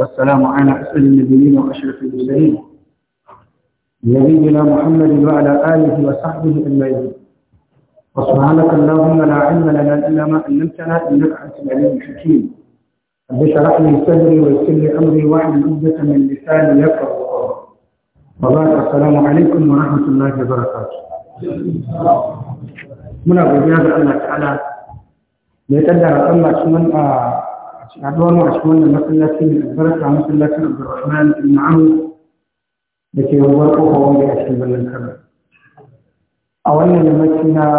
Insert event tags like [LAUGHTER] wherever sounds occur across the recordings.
والسلام على أسأل النبيين وأشرف المرسلين نبينا محمد وعلى آله وصحبه أجمعين وسبحانك اللهم لا علم لنا إلا ما علمتنا إنك أنت العليم الحكيم رب اشرح لي صدري ويسر لي أمري واحلل عقدة من لساني يفقهوا قولي السلام عليكم ورحمة الله وبركاته من أبو جابر الله تعالى da الله سبحانه haduwar mu a wannan masallaci mai albarka masallacin Abdulrahman ibn Amr da ke rubar kofa wanda ya cikin birnin Kano. A wannan yammaci na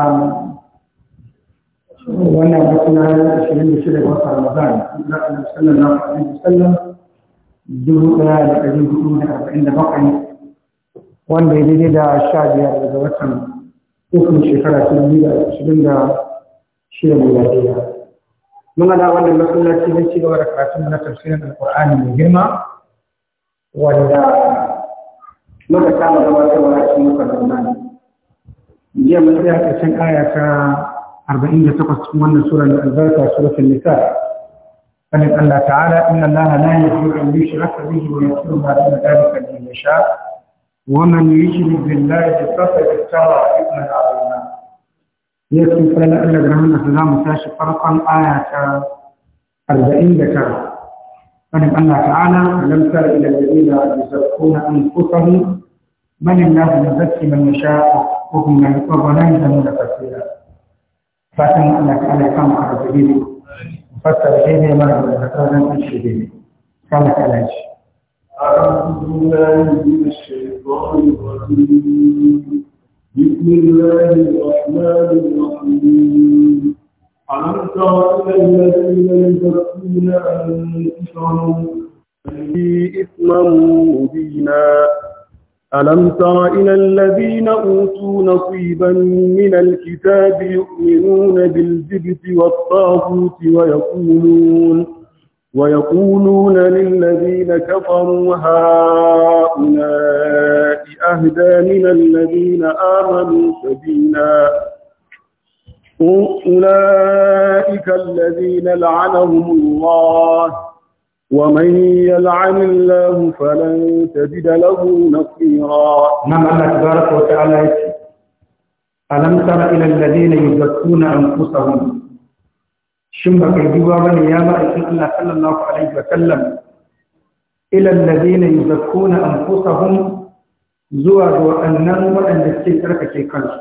wannan yammaci na ashirin da shida ga watan Ramadan, na Allah sallallahu alaihi wasallam dubu ɗaya da ɗari hudu da arba'in da bakwai wanda ya daidai da sha biyar daga watan ukun shekara ta biyu da ashirin da shida mai lafiya. من هذا ولا مسؤول تجيب شيء ولا كاتب من تفسير القرآن مهمة ولا ما كان ولا شيء ولا شيء من القرآن يا مسيا كشن آية كا أربعين جتوقس من سورة البقرة سورة النساء قال الله تعالى إن الله لا يغفر أن يشرك به ويغفر ما دون ذلك لمن يشاء ومن يشرك بالله فقد افترى إثما عظيما yake tsala ɗan daga nan nasu za tashi farkon aya ta arba'in da tara wani ɓanna ta ana nan tara ila da ila na an kusuru manin na su zarki man nisha ko kuma na yi kwa nan zama da fasira fatan ana ta ana kama a rufe gini fasara ɗaya ne mara da zarko nan an shi gini kama ta lashi. أعوذ بالله من الشيطان الرجيم بسم الله الرحمن الرحيم ألم تر إلى الذين يزكون أنفسهم إثما مبينا ألم تر إلى الذين أوتوا نصيبا من الكتاب يؤمنون بالجبت والطاغوت ويقولون ويقولون للذين كفروا هؤلاء أهدى من الذين آمنوا سبيلا أولئك الذين لعنهم الله ومن يلعن الله فلن تجد له نصيرا نعم الله تبارك وتعالى ألم تر إلى الذين يزكون أنفسهم shin ba karbiwa ba ne ya ba ma'aikin Allah sallallahu alaihi wa sallam ilan da zai na yi zuwa ga waɗannan waɗanda suke tsarkake kansu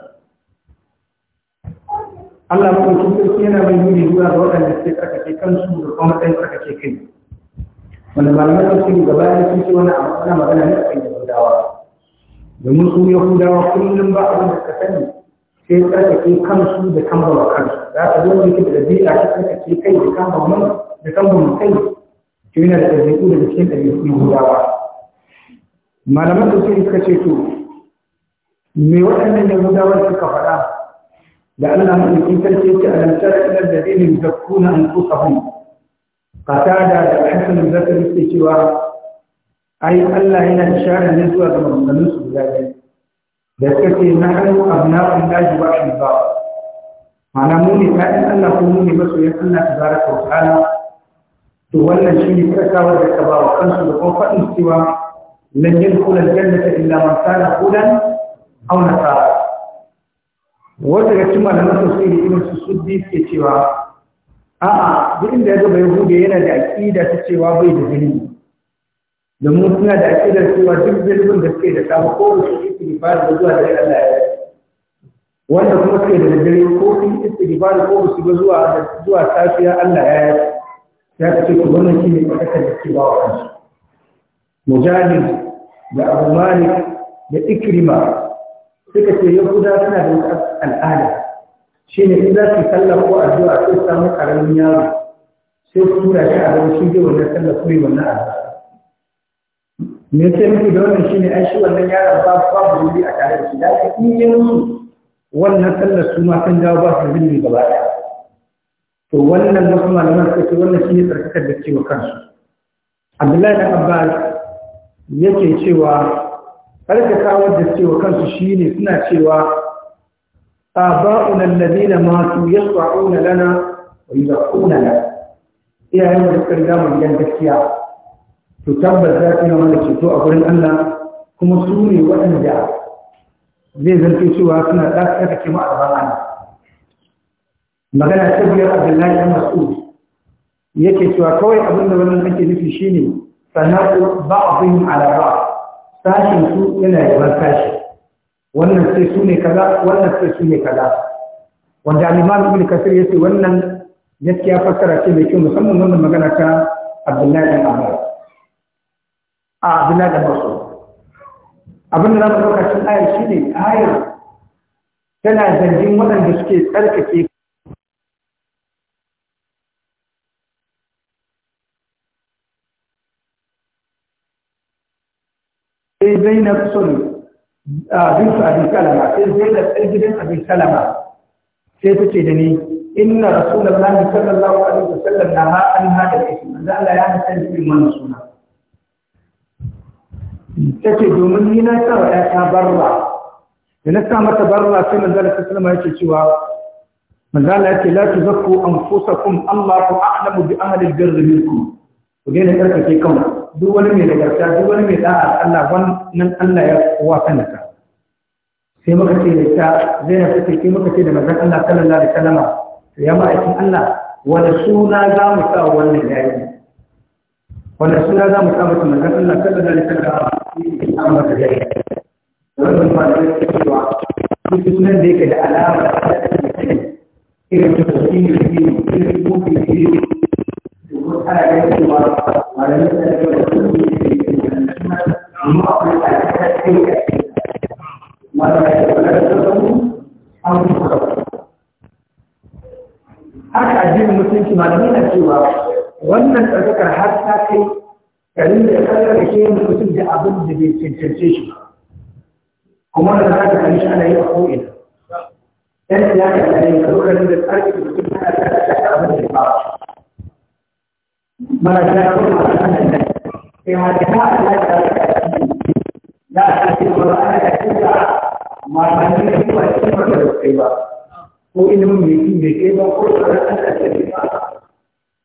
Allah maɗaukin sarki yana mai nuni zuwa ga waɗanda suke tsarkake kansu da kuma matsayin tsarkake kai wanda malamai sun ce gaba ya ce shi wani abu ana magana ne a kan yahudawa domin su yahudawa kullum ba abin da ka sani sai tsarkake kansu da kambawa kansu za ka zo yake da ɗabi'a ta tsarkake kai da kambama da kambama kai to yana da ɗabi'u daga cikin ɗabi'u yahudawa malaman sosai suka ce to me waɗannan yahudawa suka faɗa da Allah maɗaukin sarki yake a nan tara ilar da zai nemi zakkuna an kusa hun kata da alhassan zakari ke cewa ai Allah yana ishara ne zuwa ga maganganun su guda biyu da suka ce na hannu abna'un ba shi ba mana muni ne Allah ko mu ne masoyan Allah ta zara kautana to wannan shi ne kasawar da ta ba wa kansu da kuma faɗin cewa lan kulan al ta illa man kana hudan aw nasara wata ga cin malaman sosai da irin su suddi ke cewa a'a duk inda ya ya buɗe yana da aƙida ta cewa bai da dalili domin suna da aƙidar cewa duk zalibin da suke da samu ko su istighfar da zuwa dare Allah ya yi wanda kuma suke da dare ko su istighfar ko su ga zuwa zuwa safiya Allah ya yi ya ce ku wannan shine fadakar da ke ba wa kansu mujahid da abu malik da ikrima suka ce yahuda suna da wata al'ada shine in za su kalla ko addu'a sai samu karamin yaro sai su tura shi a gaban shi ne wannan sallah ko yi wannan addu'a me sai muke da wannan shine ai shi wannan yaron ba babu wuri a tare da shi da in yi musu wannan sallar su ma kan dawo ba su zulmi gaba ɗaya to wannan wasu malaman suka ce wannan shine tsarkakar da cewa kansu Abdullahi da Abbas yake cewa tsarkakawar da cewa kansu shine suna cewa آباؤنا الذين ماتوا يشفعون لنا ويذكرون لنا إيه أيها الأخوة الكرام من جنب السياق to tabbata ta mana ceto a gurin Allah kuma su ne waɗanda zai zarce cewa suna ɗaka ta kima a zamani magana ta biyar abdullahi ɗan mas'ud yake cewa kawai abin da wannan ake nufi shi shine sana'u ba'dhum ala ba'd sashin su yana yaban sashi wannan sai su ne kaza wannan sai su ne kaza wanda al-imam ibn kasir yace wannan gaskiya fassara ce mai kyau musamman wannan magana ta abdullahi ɗan abbas a abdullahi da masu abin da za mu ɗauka cikin ayar shi ne ayar tana zargin waɗanda suke tsarkake sai zainab sun bintu abin kalama sai zainab ɗan gidan abin kalama sai ta ce da ni inna rasulullahi sallallahu alaihi wasallam na ha an hada da shi manzo Allah ya hada shi wannan suna ta ce domin ni na sa wa ‘yata barra da na sa mata barra sai manzala ta salama yake cewa manzala yake la tu kusa anfusakum Allah ku a'lamu bi ahli al-birr minkum ku ne karkace kan duk wani mai nagarta duk wani mai da'a Allah wannan Allah ya kowa ta sai muka ce da ta Zainab take sai muka ce da manzon Allah sallallahu alaihi wasallam to ya ma'aikin Allah wani suna za mu sa wannan yayin wanda suna za mu samu kuma kan Allah sallallahu alaihi wasallam a mata da yake wannan ba da yake cewa duk sunan da yake da alama da take irin ta tsini da ke irin ko ke ke ko ta da yake wa malamin da ke da tsini amma akwai ta take wanda ya kula da tsaro an haka addinin musulunci malamai na cewa wannan ɗaukar har ta kai garin da ya karkar ke yin mutum da abin da bai cancance shi kuma da za ta shi ana yi a ko'ina yan siyasa da ne lokacin da tsarki da mutum ana da ta abin da ba mara da kuma a nan da sai ma da ta ala da da ta ce ba ana da kuma ma ba ne da kuma da ba ko ilimin mai kai ba ko tsaron da ta ba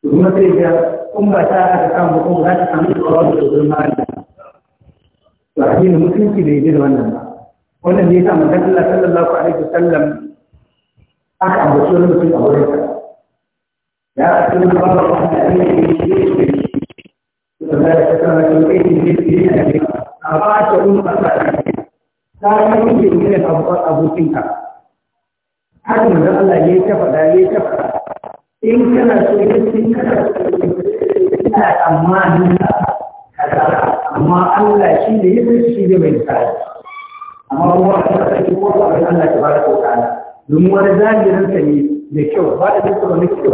kuma sai ga kun ba ta aka samu kun za ta samu tsawon da zurma da to a cikin mutunci da yake da wannan ba wannan ne yasa manzon Allah sallallahu alaihi wasallam aka ambaci wani mutum a wurin sa ya ce na ba ba da ne shi ne to ta kana kai ne ne ne a ba ta un ba ta ta yi ne ne abokin ka haka manzon Allah ya ta faɗa ya ta faɗa in kana so in kana so ina tsammanin amma Allah shi ne ya san shi ne mai tsari amma kuma a kan sarki ko ba ga Allah ta baraka wa ta'ala domin wani zahirin sa ne da kyau ba da dukkan wani kyau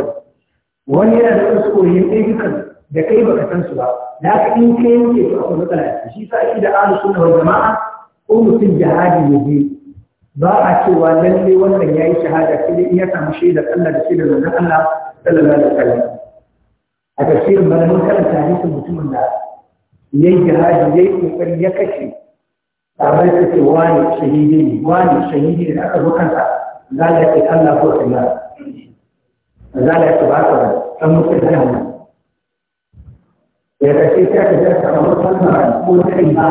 wani yana da wasu koyon ayyukan da kai baka san su ba da haka in kai yanke su akwai matsala shi sa shi da ahlus sunna wal jama'a ko mutum jihadi ne ba a cewa lalle wannan ya yi shahada sai dai iya ya samu da Allah da da manzon Allah sallallahu alaihi wasallam a tafsirin bana mun karanta hadisin mutumin da ya yi jihadi ya yi kokari ya kashe sabai su ce wani shahidi ne wani shahidi ne aka zo kansa zala ce Allah ko Allah zala ce ba ka san mutum da yawa ya kashe ta aka a ka samu sallah ko yi ba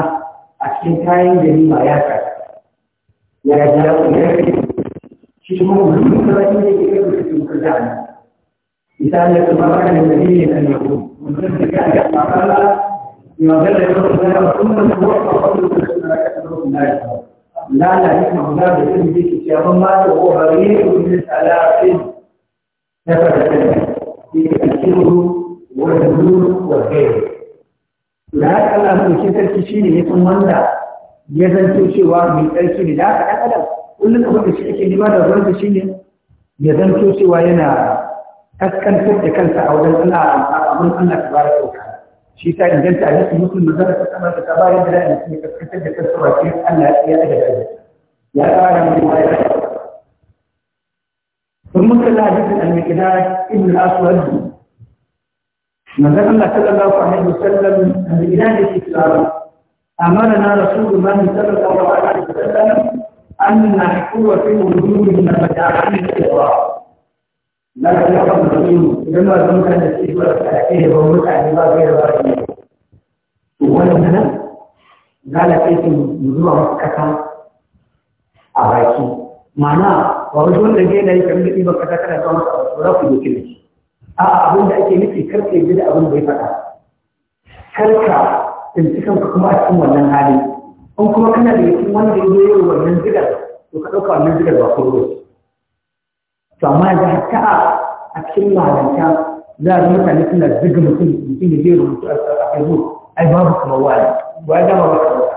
a cikin kayan jami'a ya kasa ya ji ya kuma ya shi kuma mutum da ba shi ne ke kai mutum kurja ne misali ya kuma ba ne da ne kan ya kuma mutum da ka ga ba kala ya ga da kuma da ya kuma da kuma da kuma da ka da kuma da la la ni ma ba da ba. Ba ke ya ban ma da ko hari ko ne ba. da ka da ne ke kiru wa nuru wa hayr la Allah mu ke sarki shine yakin wanda ya zanto cewa mai tsarki ne da aka ɗan adam kullum abin da shi ake nema da ruwan shi ne ya zanto cewa yana kaskantar da kansa a wajen Allah a wurin Allah ta bara ɗauka shi ta inganta a jikin mutum da zara ta kamar ta bayar da ra'ayin shi kaskantar da kansa wace Allah ya ɗaga da ya tsara mai wayar ثم كان حديث المقداد ابن الاسود من ذكر الله صلى الله عليه وسلم المقداد في الاسلام أمرنا رسول الله صلى الله عليه وسلم أن نحكو في وجود المتعين الصغار لا يقبل الرجل لما ذمك نسيب وتأكيه ومك عن الله غير ذلك ولمنا قال كيف نزوع مسكتا أباكي معنى ورجل لجينا يكمل إيبا كتاكنا كما ورافي يكلمش أبن دا أكي نفسي كرتي بدا أبن بيفتا كرتا tsinci kanka kuma a cikin wannan hali in kuma kana da yakin wanda ya yi wannan zigar to ka ɗauka wannan zigar ba ruwa to amma da hatta a cikin malanta za a mutane suna ziga mutum mutum ya zai rubutu a facebook ai babu kuma wani ba ya dama ba kamar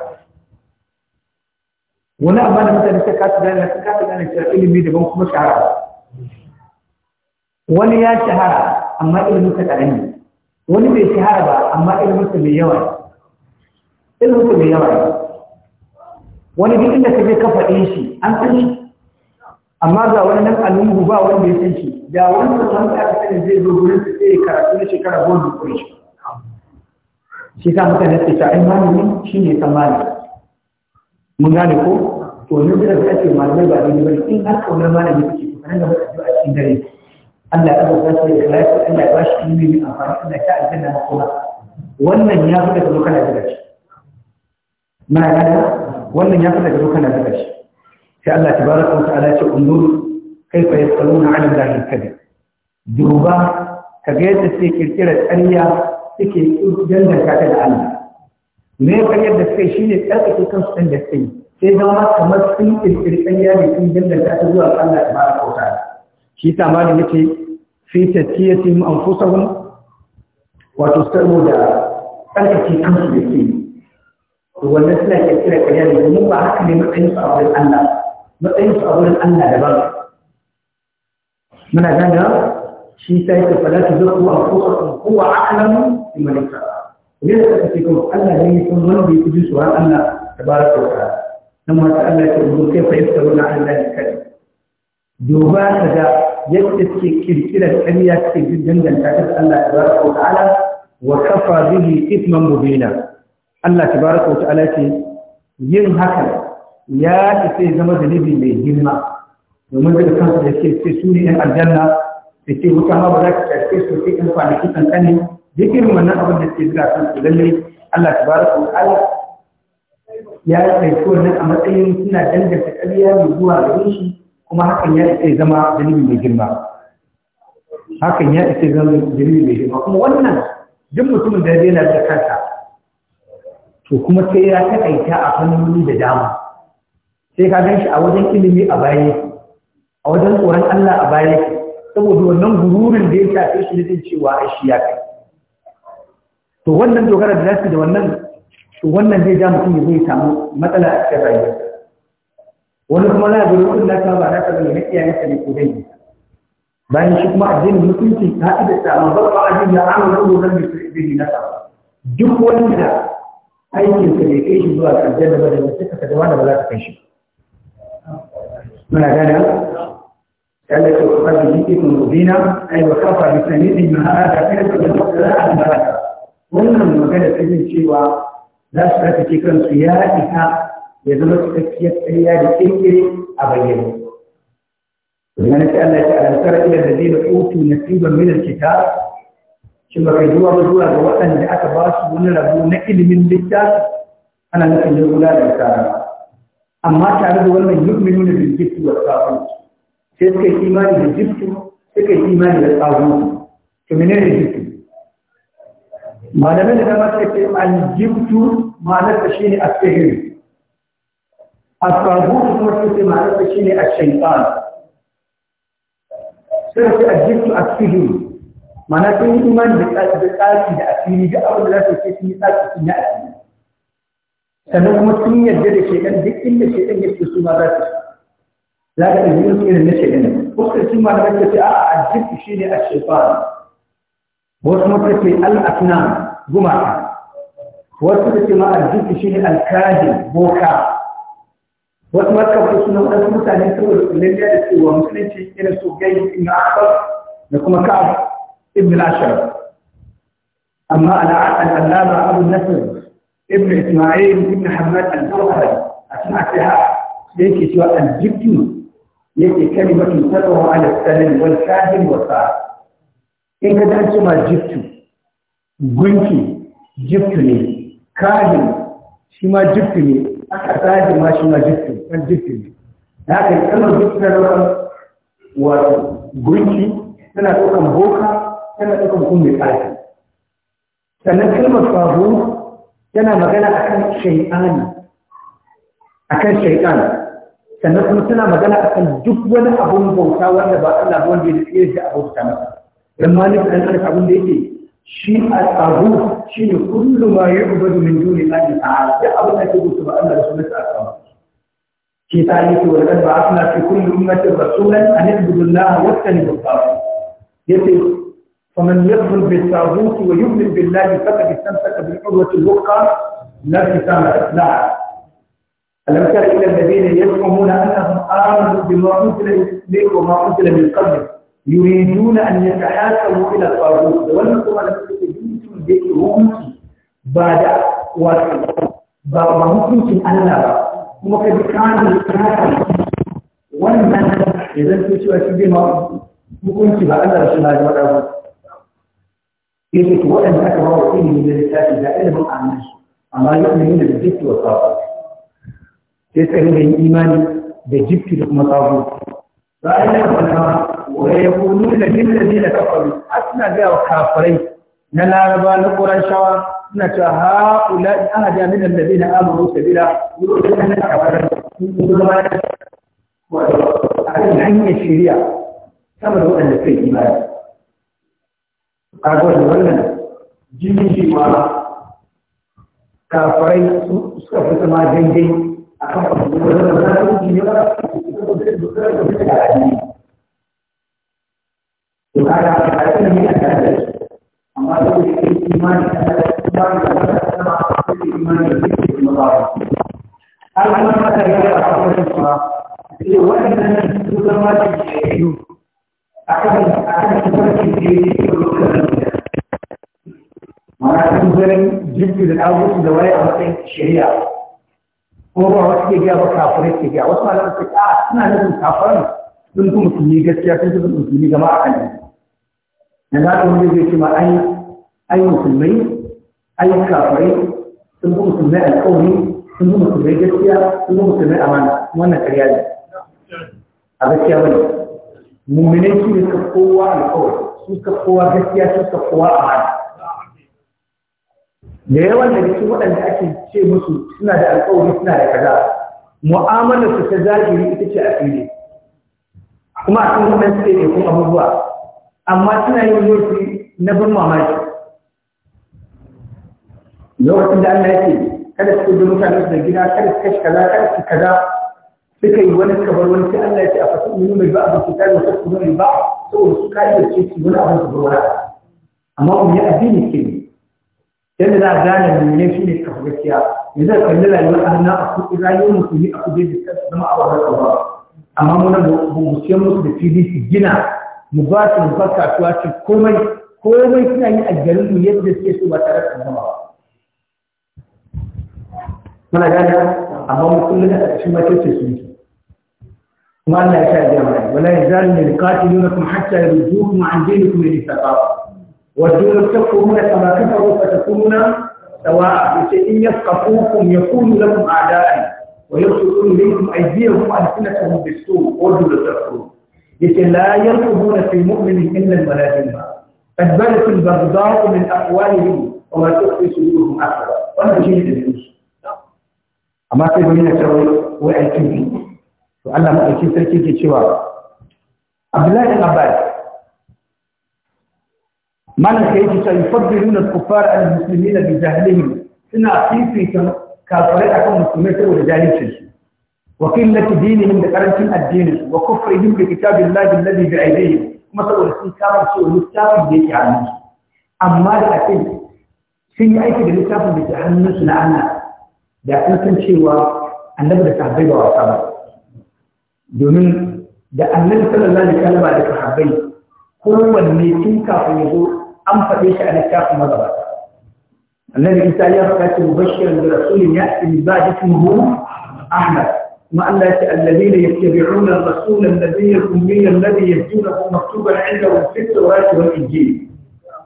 wani amma da mutane ta kasu gane ta kasu gane cewa ilimi daban kuma shahara wani ya shahara amma ilimin ta ƙarami wani bai shahara ba amma ilimin ta mai yawa irin ku mai yawa wani duk inda kake ka faɗe shi an san shi amma ga wani nan al'ummu ba wanda ya san shi da wani sun aka sani zai zo gurin su sai karatu na shekara goma da kuma shi shi ka mutane su ta ai malami shi ne san malami mun gane ko to ne da ka ce malamai ba dai ne, in har kaunar malami kake to kana da mutu a cikin dare Allah ya ba shi da lafiya Allah ya ba shi ilimi amfani Allah ya ta aljanna kuma wannan ya fi da kana da shi muna gane wannan ya fada gado kana daga shi sai Allah tabaraka wa ta'ala ce undur kaifa yasaluna 'ala Allahi kadhib duba kaga yadda suke kirkirar ƙarya suke danganta ta da Allah me ya karyar da suke shine tsarkake kansu dan da suke sai da zama kamar sun kirkiri ƙarya ne sun danganta ta zuwa Allah tabaraka wa ta'ala shi ta ma da yake fi tatiyatihim anfusahum wato saboda tsarkake kansu da suke to wannan suna iya kira ƙarya ne domin ba haka ne matsayin su a wurin Allah matsayin su a wurin Allah daban muna gane shi sai ka fada ta zo kuwa ko kuwa a'lamu bi malika ne da kake ko Allah ne kun wanda yake jisu wa Allah tabaraka wa ta'ala nan ma Allah ya rubuta kai fa yasaruna Allah kai duba ka ga yadda suke kirkirar ƙarya suke danganta ta Allah tabaraka wa ta'ala wa kafa bihi ithman mubina Allah tabaraka wa ta'ala ce yin haka ya isa zama zalibi mai girma domin daga kansu da ke ce su ne yan aljanna da ke wuta ma ba za ka shafe su sai yan kwanaki kankani duk irin wannan abin da ke zira kansu lalle Allah tabaraka wa ta'ala ya ɗauki wannan a matsayin suna danganta ƙarya mai zuwa gare shi kuma hakan ya isa zama zalibi mai girma hakan ya isa zama zalibi mai girma kuma wannan duk mutumin da yana da kansa to kuma sai ya taƙaita a fannoni da dama sai ka gan shi a wajen ilimi a baya a wajen tsoron Allah a baya saboda wannan gururin da ya tafi shi da cewa a shi ya kai to wannan dogara da zasu da wannan to wannan zai ja mutum zai samu matsala a cikin rayuwa wani kuma na gurin kudin na ba na kaza ne iyayensa ne ko dai bayan shi kuma addini mutunci ta ida ta amma ba ba addini ya wannan ko zan bi nasa duk wanda aikin sa bai kai shi zuwa ga aljanna ba da suka ka zama da ba za ka kai shi muna gana قال لك وقد جئتكم مبينا اي وكفى بسنيد ما هذا كانت من الصلاه البركه wannan magana ta jin cewa za su rata ce kansu ya isa ya zama cikakkiyar ƙarya da kirkiri a bayyane. Daga na ce Allah ya ce alamtar ila da zai da otu na tsibar minar kita shi ba kai zuwa ba zuwa ga waɗanda aka ba su wani rabo na ilimin littafi ana nufin ya kula da kara amma tare da wannan yu'minu da bilgisu wa tsafin sai suka yi imani da giftu suka yi imani da tsafin to menene giftu malamai da dama suka ce al-giftu ma'anar da shine as-sihr as-sahut kuma suka ce ma'anar da shine ash-shaytan sai ce al-giftu as-sihr mana sun yi imani da tsaki da asiri duk abin da za su ce sun yi tsaki sun yi asiri sannan kuma sun yarda da shekan duk inda shekan ya ce su ma za su za ka ɗauki yin irin na shekan wasu sun ma da ce a ajiyar shi ne a shekara wasu mutu ce al'afna gumaka wasu da ce ma ajiyar shi ne alkaji boka wasu masu suna wasu mutane saboda kullum ya da cewa musulunci irin su gai na akwai da kuma ka'ab ابن الأشعر أما الألامة أبو النسر ابن إسماعيل ابن حماد الجوهري أسمع فيها ليك سواء الجبت ليك كلمة تدعو على السلم والكاهن والصعب إن كنت أنتما جبت gunki jiftu ne kahin shi ma jiftu ne aka tsaji ma أنا ma jiftu kan أنا ne da haka kalmar انا na ɗaukar wato tana ɗaukar mutum mai ƙarfi sannan kalmar sabu tana magana akan shai'ani akan shaiɗan sannan kuma tana magana akan duk wani abun bauta wanda ba Allah ba wanda ya fiye da abauta masa dan malik dan alka abun da yake shi al-abu shi ne kullu ma yu'badu min duni Allah ta'ala yi abun da ke gusu ba Allah da sunan sa ke ta yi to da ba asna fi kulli ummati rasulan an ibudu Allah wa tanibu yace فمن يكفر بالتابوت ويؤمن بالله فقد استمسك بالعروة الوثقى لا انقسام لا ألم تر إلى الذين يزعمون أنهم آمنوا بما أنزل إليك وما أنزل من قبل يريدون أن يتحاكموا إلى الطاغوت ولكم لم تجدوا بهم بعد بعد حكمكم الله kuma ka ji kanin kasa wannan idan ku cewa shi bai ma hukunci ba Allah shi na da wadawa يجب وأن أكبر إلي من الإسلام إلهم عن نفسه أما يؤمنون بالجبت والطاغوت يسألون عن ايمان بالجبت لكم الطاغوت فأنا ويقولون للذين كفروا أثنى بها وكافرين لنا ربا نقرا شوا نتا هؤلاء أهدى من الذين آمنوا سبيلا يقولون أن كفرين وعلى الحين الشريعة كما هو أن في إيمان kaga wannan jini shi ma kafarai suka fi zama daidai a kan fasu da zama na kuɗi ne ba to kaga a da yi a kan da amma da kuma yi da a kan da kuma da kuma da kuma da imani da kuma da kuma Allah ma ta yi a kan da kuma sai wannan su zama da ke yi a kan da kuma da ke mana sun ganin jirgi da ɗagutu da waye a matsayin shari'a ko ba wasu ke gaya ba kafirai ke gaya wasu malamai su a ah, suna nufin kafiran sun fi musulmi gaskiya sun fi musulmi gama a kan na za ka wani zai ce ma ai musulmai ai kafirai sun fi musulmai alƙawari sun fi musulmai gaskiya sun fi musulmai amana wannan karya ne a gaskiya bane muminai shi ne kowa alƙawari suka kowa gaskiya suka kowa a hannu. da yawan da cikin waɗanda ake ce musu suna da alƙawari suna da kaza mu'amalar su ta zahiri ita ce a fili kuma a cikin wannan suke ne kuma abubuwa amma suna yin yosi na ban mamaki lokacin da Allah ya kada su kudu mutane su da gida kada su kashe kaza kada su kaza suka yi wani kabar wani sai Allah ya ce a fasu minu mai ba'a ta da wasu kuma mai saboda su ka'idar ce su wani abin su wani amma kuma ya addini ke ne yadda za a gane mummune shi ne kafa gaskiya yanzu a kalli rayuwar anna a kuɗi rayuwar musulmi a kuɗi da kansu zama a wadar ba amma muna bumusiyar musu da fili su gina mu ba su mu ba kasuwa ce komai komai suna yi a garin mu yadda suke so ba tare da zama ba. Muna gane amma musulmi da a mace ce su yi. ولا لا يشاء ولا يزال يقاتلونكم حتى يردوكم عن دينكم إن استقاموا والدون تكفرون كما كفروا فتكونون سواء إن يثقفوكم يكونوا لكم أعداء ويرسلون إليكم أيديهم وألسنتهم بالسوء والدون تكفرون لكي لا يرقبون في مؤمن إلا ولا الملازمة قد بدت البغضاء من أقوالهم وما تخفي صدورهم أكبر وهذا جيد الإنسان أما تبين تقول وأنتم to Allah madaukin sarki ke cewa Abdullahi Abbas mana kai ki sai fadiluna kuffar al-muslimina bi jahlihim suna fifita kafirai akan musulmai saboda jahilcin su wa qillati dinihim da karancin addinin wa kufrihim bi kitabillahi alladhi bi aydihim kuma saboda sun kama cewa littafin da yake hannu. amma da a ce sun yi aiki da littafin da ke hannun su na Allah da sun san cewa annabi da sahabbai ba wasa ba domin da annabi sallallahu alaihi wasallam da sahabbai kowanne tun kafin ya an faɗe shi a littafin magabata annabi isa ya faɗa ce mubashiran da rasulun ya ce ba da kuma ahmad kuma Allah ya ce alladhina yattabi'una ar-rasula alladhi al-ummiyya alladhi yajiduhu maktuban 'indahum fi at-tawrat wal injil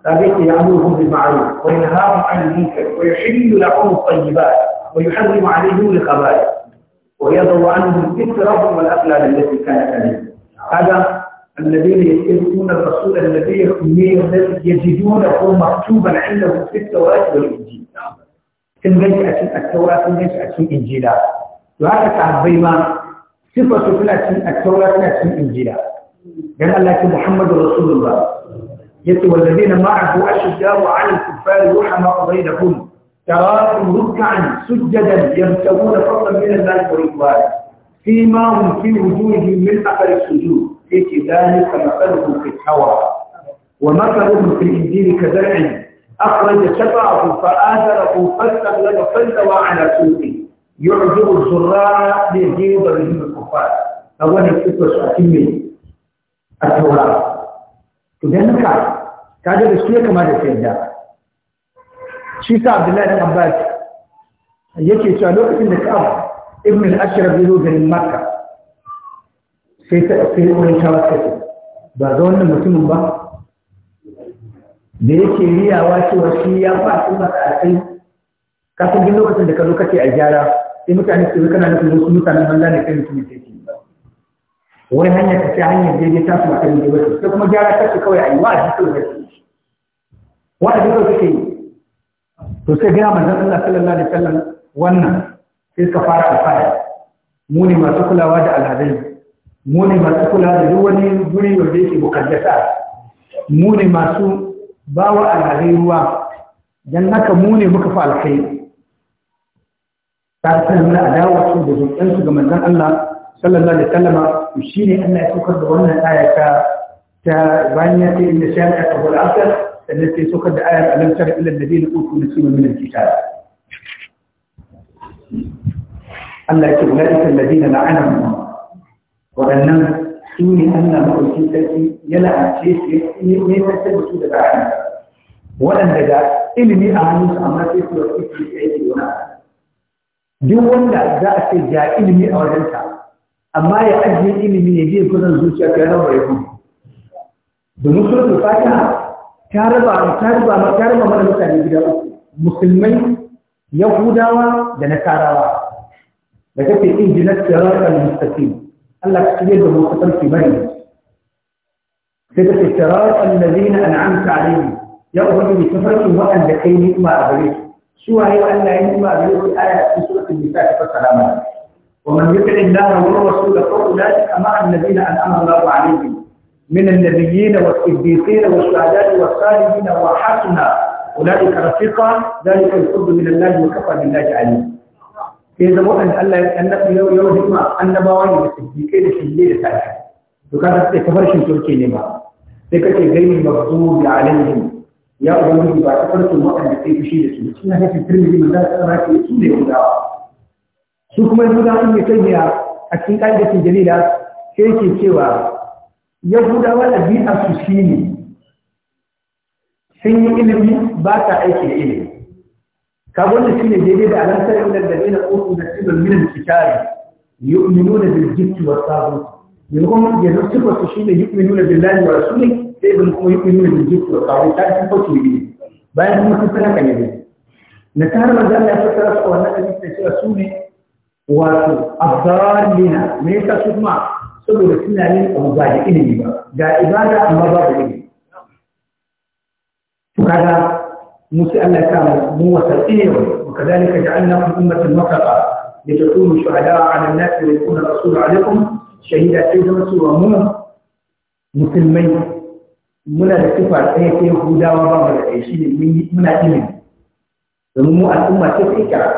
ذلك يأمرهم بالمعروف وينهاهم عن المنكر ويحل لهم الطيبات ويحرم عليهم الخبائث ويضع عنهم ذكرهم والأقلال التي كانت عليهم هذا الذين يسألون الرسول الذي يجدونه مكتوبا عندهم في التوراة والإنجيل في غير التوراة في غير الإنجيل لا وهذا صفة في التوراة في أكين إنجيلا قال الله محمد رسول الله يتوى الذين معه أشداء على الكفار رحمة بينهم تراهم ركعا سجدا يبتغون فضلا من الله ورضوانا فيما هم في وجوههم من اثر السجود في ذلك مثلهم في الهوى ومثلهم في الانجيل كزرع اخرج شفعه فاثره فاستغلب فاستوى على سوقه يعجب الزراع ليجيب بهم الكفار اولا القصه تتم التوراه to dan haka kaje da shi kamar da sai da shi sa abdullahi ibn abbas yake cewa lokacin da ka'ab ibn al-ashraf ya zo garin makka sai ta sai wurin shawar ta ba ga wannan mutumin ba da yake riyawa cewa shi ya ba su ba a kai kafin gina lokacin da ka zo kake a gyara sai mutane su zo kana nufin wasu mutanen banza ne kai mutumin da yake Wani hanya ta ce hanyar daidai ta su da daidai sai kuma gyara ta ce kawai a yi wa'azi kawai da ke wa'azi kawai kake yi to sai gaya manzon Allah sallallahu alaihi wasallam wannan sai ka fara alfahari mu ne masu kulawa da alhazai mu ne masu kulawa da duk wani guri wanda yake mukaddasa mu ne masu bawa alhazai ruwa dan haka mu ne muka fa alkhairi ta san na adawa su da zuƙin su ga manzon Allah sallallahu alaihi wasallam shi ne Allah ya saukar da wannan aya ta bayan ya ce inna shani'a ka hul asr sannan sai saukar da ayar alam tara ila alladhina utu nasiban min alkitab Allah ya ce ulaika alladhina la'anahum waɗannan su ne Allah maɗauki sarki ya la'ace su ya da su daga waɗanda da ilimi a hannunsu amma sai su wasu su yi aiki wani duk wanda za a ce ga ilimi a wajensa amma ya ajiye ilimi ya je zuciya ta yanar bai kuma domin da al-fatiha ta raba ta raba ta raba mana mutane gida uku musulmai yahudawa da nasarawa da kake in ji nasarawa mustaqim Allah ka shirye da mu kasance mai sai ka ce sirat allazina an'amta alaihim ya ubangiji tafarkin waɗanda kai ni'ima a gare su suwaye Allah ya ni'ima a gare su aya ta suratul nisa ta fassara mana ومن يطع الله والرسول فاولئك مع الذين انعم الله عليهم من النبيين والصديقين والشهداء والصالحين وحسن أولئك رفيقا ذلك الفضل من الله وكفى بالله عليم sai zama waɗanda Allah ya annabi yau yau hikma annabawa ne da siddiƙai da shille da tashi to ka sai kamar shin turke ne ba sai kace gaini mabzubi alaihim ya ubangiji ba ta farko waɗanda kai fushi da su cikin hadisi tirmidhi manzo Allah ya ce su ne yahudawa su kuma yahudawa sun yi a cikin kaidatin jalila sai ke cewa yahudawa da bi'a su shi ne sun yi ilimi ba ta aiki da ilimi kabon da shi ne daidai da alamsar yau da gane na ƙoƙo da don minin kitari yu'minu da biljibti wa sabu yanzu yanzu cikin su shi ne nuna da billahi wa ne sai zan kuma yu'minu da biljibti wa sabu ta ci fauci ne bayan kuma sun sana kan yabe na tara da zan ya tara su a wannan hadisi da cewa su ne wato abdalina me yasa su kuma saboda suna yin abu ba da ilimi ba ga ibada amma ba da ilimi to kaga mu sai Allah ya sa mu wasarti ne wa kadalika ja'alna ummatan wasaqa litakunu shuhada'a 'ala an-nasi wa yakuna rasulu 'alaykum shahida sai zama cewa mu musulmai muna da sifa ɗaya sai hudawa ba mu da ɗaya shi ne muna ilimi domin mu al'umma ce ta ikira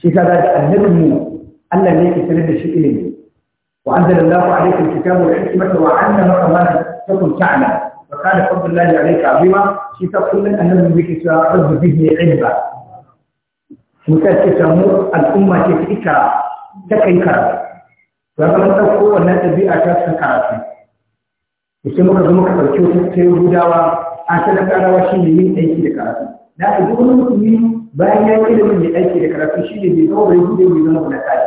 shi kaga da annabin mu Allah ne ya sanar da shi ilimi وأنزل الله عليك الكتاب والحكمة وعلمك ما لم تكن تعلم فكان فضل الله عليك عظيما شيء تقول أنه بك سأعد به علما مثال تسمو الأمة تتكرا تكيكرا فمن تفقوا والناس بيئة تسكرا يسمى كذلك فالكوتة تيوهودا وآسلك على وشي من أي شيء كرا لا يقولون مسلمين bayan ya yi ilimin ya aiki da karatu shi ne bai zama bai gudu bai zama bulakari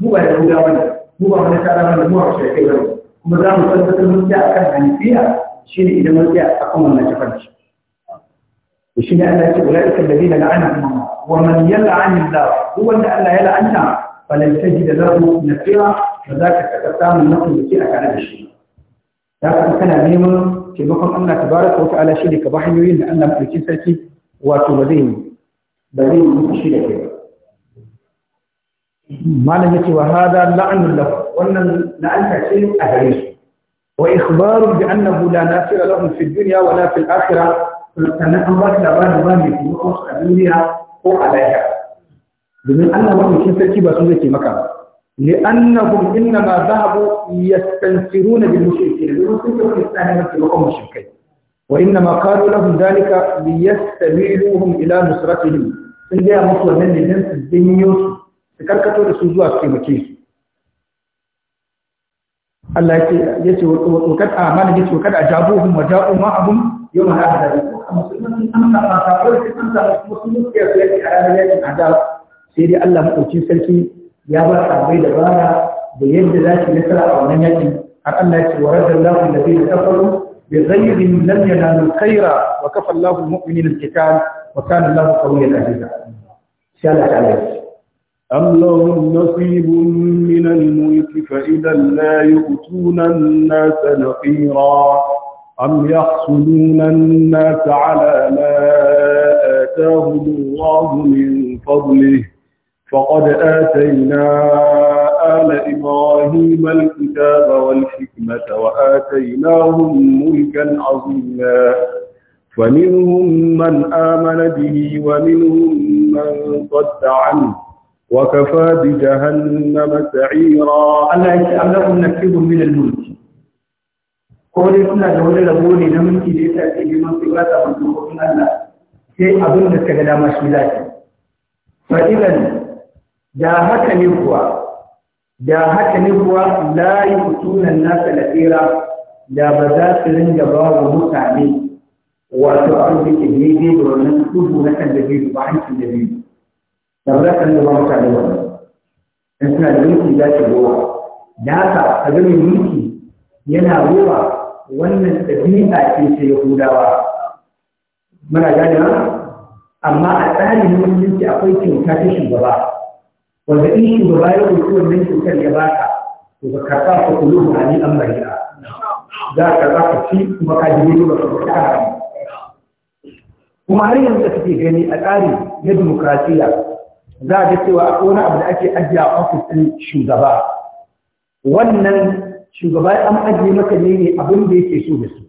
mu ba yahuda ba ne mu ba wani tara ba ne mu ba shirkai ba ne kuma za mu tabbatar mun tsaya akan hanifiya shi ne idan mun tsaya akan wannan tafarki shi ne Allah ya ce ulaika alladhina kuma wa man yal'an Allah duk wanda Allah ya la'anta falan tajida na nasira ba za ka taɓa samun nafin da ke a tare da shi da ka kana neman taimakon Allah ta wa ta'ala shi ne ka ba hanyoyin da Allah mulkin sarki wato ba zai ba zai yi shi da kai malam yace wa hada la'anun lahu wannan la'anta ce a gare wa ikhbaru bi annahu la nasira lahum fi dunya wala la fil akhirah sannan an ba su labarin ba mai taimakon su a duniya ko a lahira domin Allah madaukakin sarki ba su zai maka ba لأنهم إنما ذهبوا يستنفرون بالمشركين المشركين يستعملون في مقام المشركين وإنما قالوا لهم ذلك ليستميلوهم إلى نصرتهم إن جاء مصر من الجنس الدنيوس su karkato da su zuwa su taimake su Allah ya ce wa kad amana ya ce wa kad ajabuhum wa ja'u ma'ahum yawma ma musulmin an ta ta kawai a ranar yakin adab sai dai Allah madaukin sarki ya ba ta bai da bara da yadda za ki nasara a wannan yakin har Allah ya ce wa radallahu alladhina kafaru بغير لم ينالوا الخير وكفى الله wa القتال وكان الله قويا عزيزا. شاء الله تعالى. أم لهم نصيب من الملك فإذا لا يؤتون الناس نقيرا أم يحصدون الناس على ما آتاهم الله من فضله فقد آتينا آل إبراهيم الكتاب والحكمة وآتيناهم ملكا عظيما فمنهم من آمن به ومنهم من صد عنه وكفى بجهنم سعيرا الله يسأل لهم نكتب من الملك قول إسنا جهد لبوني نملك جيسا في منطبات من الله في أظن أنك لا شملات فإذا جاهك نبوة جاهك نبوة لا يؤتون الناس الأخيرة da ba za جبار ringa ba wa mutane wato arziki ne dai da saboda kan da ba mutane wannan in suna da mulki za su ruwa. da haka a gami mulki yana ruwa wannan ɗabi'a ce ta yahudawa muna gane ganewa amma a tsarin musulunci akwai kyauta ta shugaba wanda in shugaba ya ɗauki wannan kyautar ya ba ka, to ka karɓa ka kulu a ni an mari'a za ka karɓa ka ci kuma ka ji ba ka ta kuma har yanzu ka kake gani a tsari na dimokuraɗiyya za a ga cewa akwai wani abu da ake ajiye a ofis ɗin shugaba wannan shugaba an ajiye maka ne ne abin da yake so da su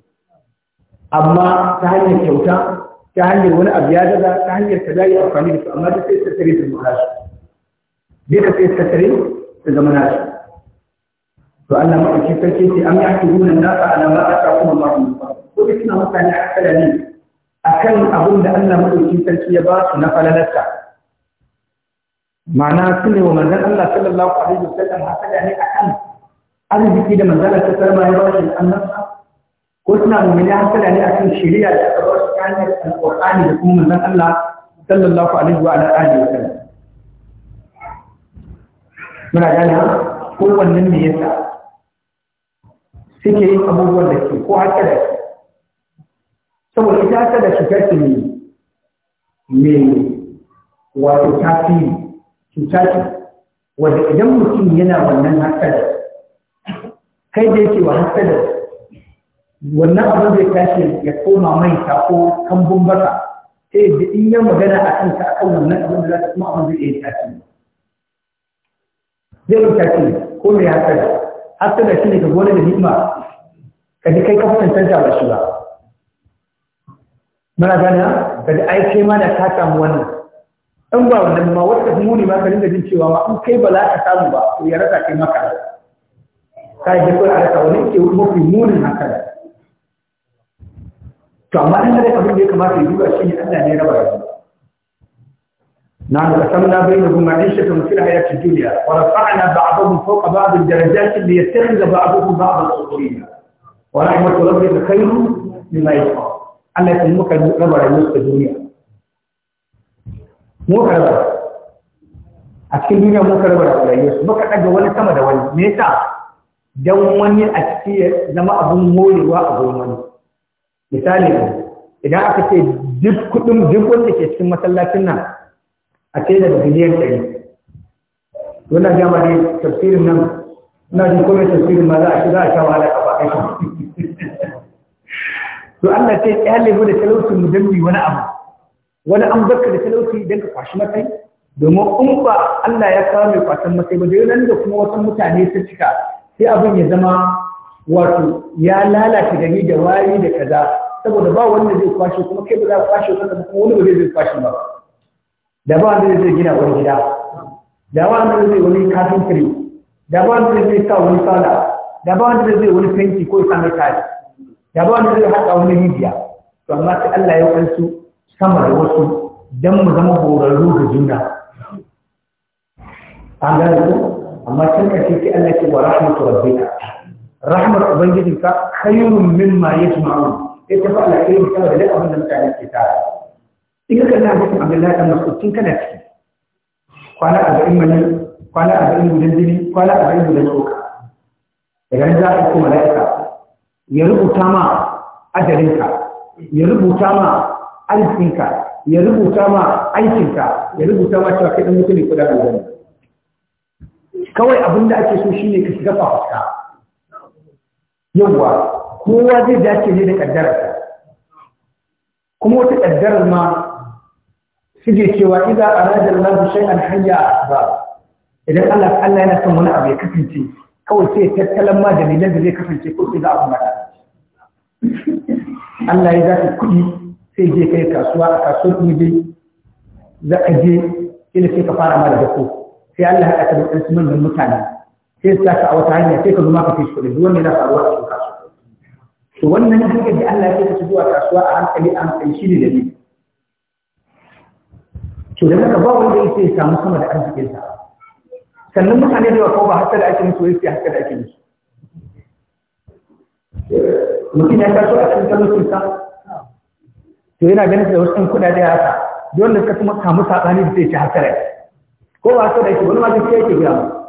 amma ta hanyar kyauta ta hanyar wani abu ya daga ta hanyar ta zai amfani da su amma da sai tattare da zama nasu dai ka sai tattare da zama nasu to Allah maɗauki sarki ce an yaki gunan nasa ala ma a ta kuma mafi ko da suna mutane a kala A kan abin da Allah maɗauki sarki ya ba su na falalarsa ma'ana su ne wa manzan Allah sallallahu alaihi wa sallam haka da ne akan arziki da manzan Allah sallallahu alaihi wa sallam annabta ko suna mummuni haka da ne akan shari'a da aka bar ta hanyar alqur'ani da kuma manzan Allah sallallahu alaihi wa alihi wa sallam muna gane ko wannan ne yasa suke yin abubuwan da ke ko haka da saboda ita haka da shigar ne mai wato tasiri cuta ce wanda idan mutum yana wannan hasada kai da yake wa hasada wannan abin zai tashi ya koma mai sako kan baka sai da in yi magana a kanka a kan wannan abin da za ta kuma abin zai iya tashi zai iya tashi ko mai hasada hasada shi ne ka gode da hikima ka ji kai kafin canja ba shi ba muna gana ka ji ai kai ma samu wannan in ba wanda ma wata muni ma ka dinga jin cewa ma in kai ba za ka samu ba to ya rasa kai maka ka ji ko a rasa wani ke mafi munin haka to amma in da abin da ya kamata ya duba shi ne Allah ne raba shi نحن قسمنا بينهم معيشة في الحياة الدنيا ورفعنا بعضهم فوق بعض الدرجات ليتخذ بعضهم بعضا سخريا ورحمة ربك خير مما يصنع الله يسلمك ربع نصف الدنيا mu ka a cikin duniya mu ka raba da rayuwar su muka ɗaga wani sama da wani me yasa dan wani a ciki ya zama abun morewa a gurin wani misali idan aka ce duk kuɗin duk wanda ke cikin masallacin nan a ce da biliyan ɗari wannan jama ne tafsirin nan ina jin komai tafsirin ma za a shi za a sha wahala a ba aiki [LAUGHS] to Allah ce kyale mu da talaucin mu dan wani abu wani an barka da talauci don ka kwashi matsayi domin in ba Allah ya kawo mai kwasan matsayi ba da nan da kuma wasu mutane su cika sai abin ya zama wato ya lalata gari da wari da kaza saboda ba wanda zai kwashe kuma kai ba za ka kwashe ba kuma wani ba zai kwashe ba da ba wanda zai gina wani gida da ba wanda zai wani kafin da ba wanda zai sa wani sala da ba wanda zai wani fenti ko ya sa mai da ba wanda zai haɗa wani rijiya to amma sai Allah ya kansu sama da wasu don mu zama horarru da juna an gane ku amma can ka ce ki Allah ki wa rahmatu rabbika min ma khairun mimma yajma'un sai ta fa alkhairi ta da duk abin da mutane ke ta. in ka kana hadisin Abdullahi dan masu kin kana ciki kwana ga'in mani kwana ga'in gudan jini kwana ga'in gudan tsoka daga nan za a kuma malaika ya rubuta ma ajalinka ya rubuta ma arzikinka ya rubuta ma aikinka ya rubuta ma cewa kai dan ko dan aljanna kawai abin da ake so shine ka shiga fafuska yawwa kowa zai dace ne da kaddarar kuma wata kaddarar ma suke cewa idza arada Allah shay'an hayya ba idan Allah Allah yana son wani abu ya kasance kawai sai tattalan ma dalilan da zai kasance ko sai za a kuma Allah ya zaki kuɗi sai je kai kasuwa a kasuwar ne za ka je ila sai ka fara mara dako sai Allah haɗa ka da wasu manyan mutane sai sa ka a wata hanya sai ka zo ma ka fi shi kuɗi wannan yana faruwa a cikin kasuwa to wannan hanyar da Allah ya kai zuwa kasuwa a hankali a hankali shi ne da ni to da haka ba wanda yake ya samu sama da arzikinsa sannan mutane da yawa ko ba haka da ake musu yake haka da ake musu mutum ya taso a cikin talaucinsa to yana ganin da wasu ɗan haka don da suka kuma kamu saɓani da zai haka hasara ko ba so da yake wani ma gaskiya yake gaya ma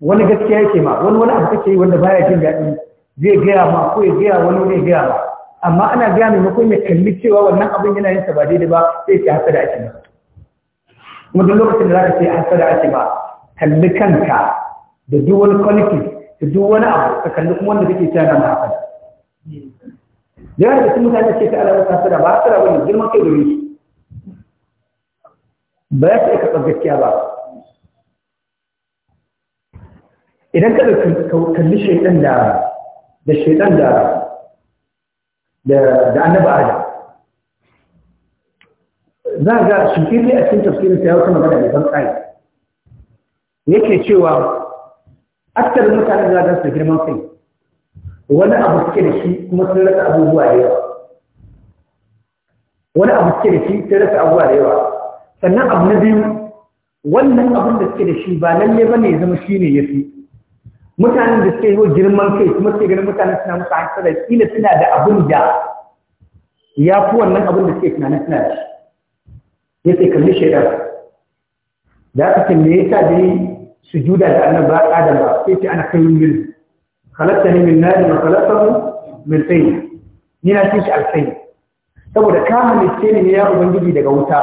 wani gaskiya yake ma wani wani abu kake yi wanda baya jin daɗi zai gaya ma ko ya gaya wani ne gaya ma amma ana gaya maimakon ya kalli cewa wannan abin yana yin sa ba daidai ba sai ce hasada ake ma. kuma duk lokacin da zaka ce hasada ake ba kalli kanka da duk wani kwaliti da duk wani abu ka kalli kuma wanda kake cewa na haka yawan da su mutane ce ta alawar tasira ba su rabu ne girman kai gari su ba ya ta ka gaskiya ba idan ka kalli shaidan da da shaidan da da annabi adam za ga shi ne a cikin tafsirin ta ya magana da ban tsari yake cewa aktar mutane za su girman kai wani abu suke da shi kuma sun rasa abubuwa da yawa wani abu suke da shi sun rasa abubuwa da yawa sannan abu na biyu wannan abin da suke da shi ba lalle ba ne zama shi ne ya fi mutanen da suke yi girman kai kuma suke ganin mutanen suna musu hankali da kila suna da abun da ya fi wannan abun da suke tunanin suna da shi ya sai kalli shaidar da aka ce me yasa dai sujuda da annabi ba adam ba sai ce ana kai yin halatta ne min nari wa halatta min tsayi ni na cin alfai saboda ka halitta ne ya ubangiji daga wuta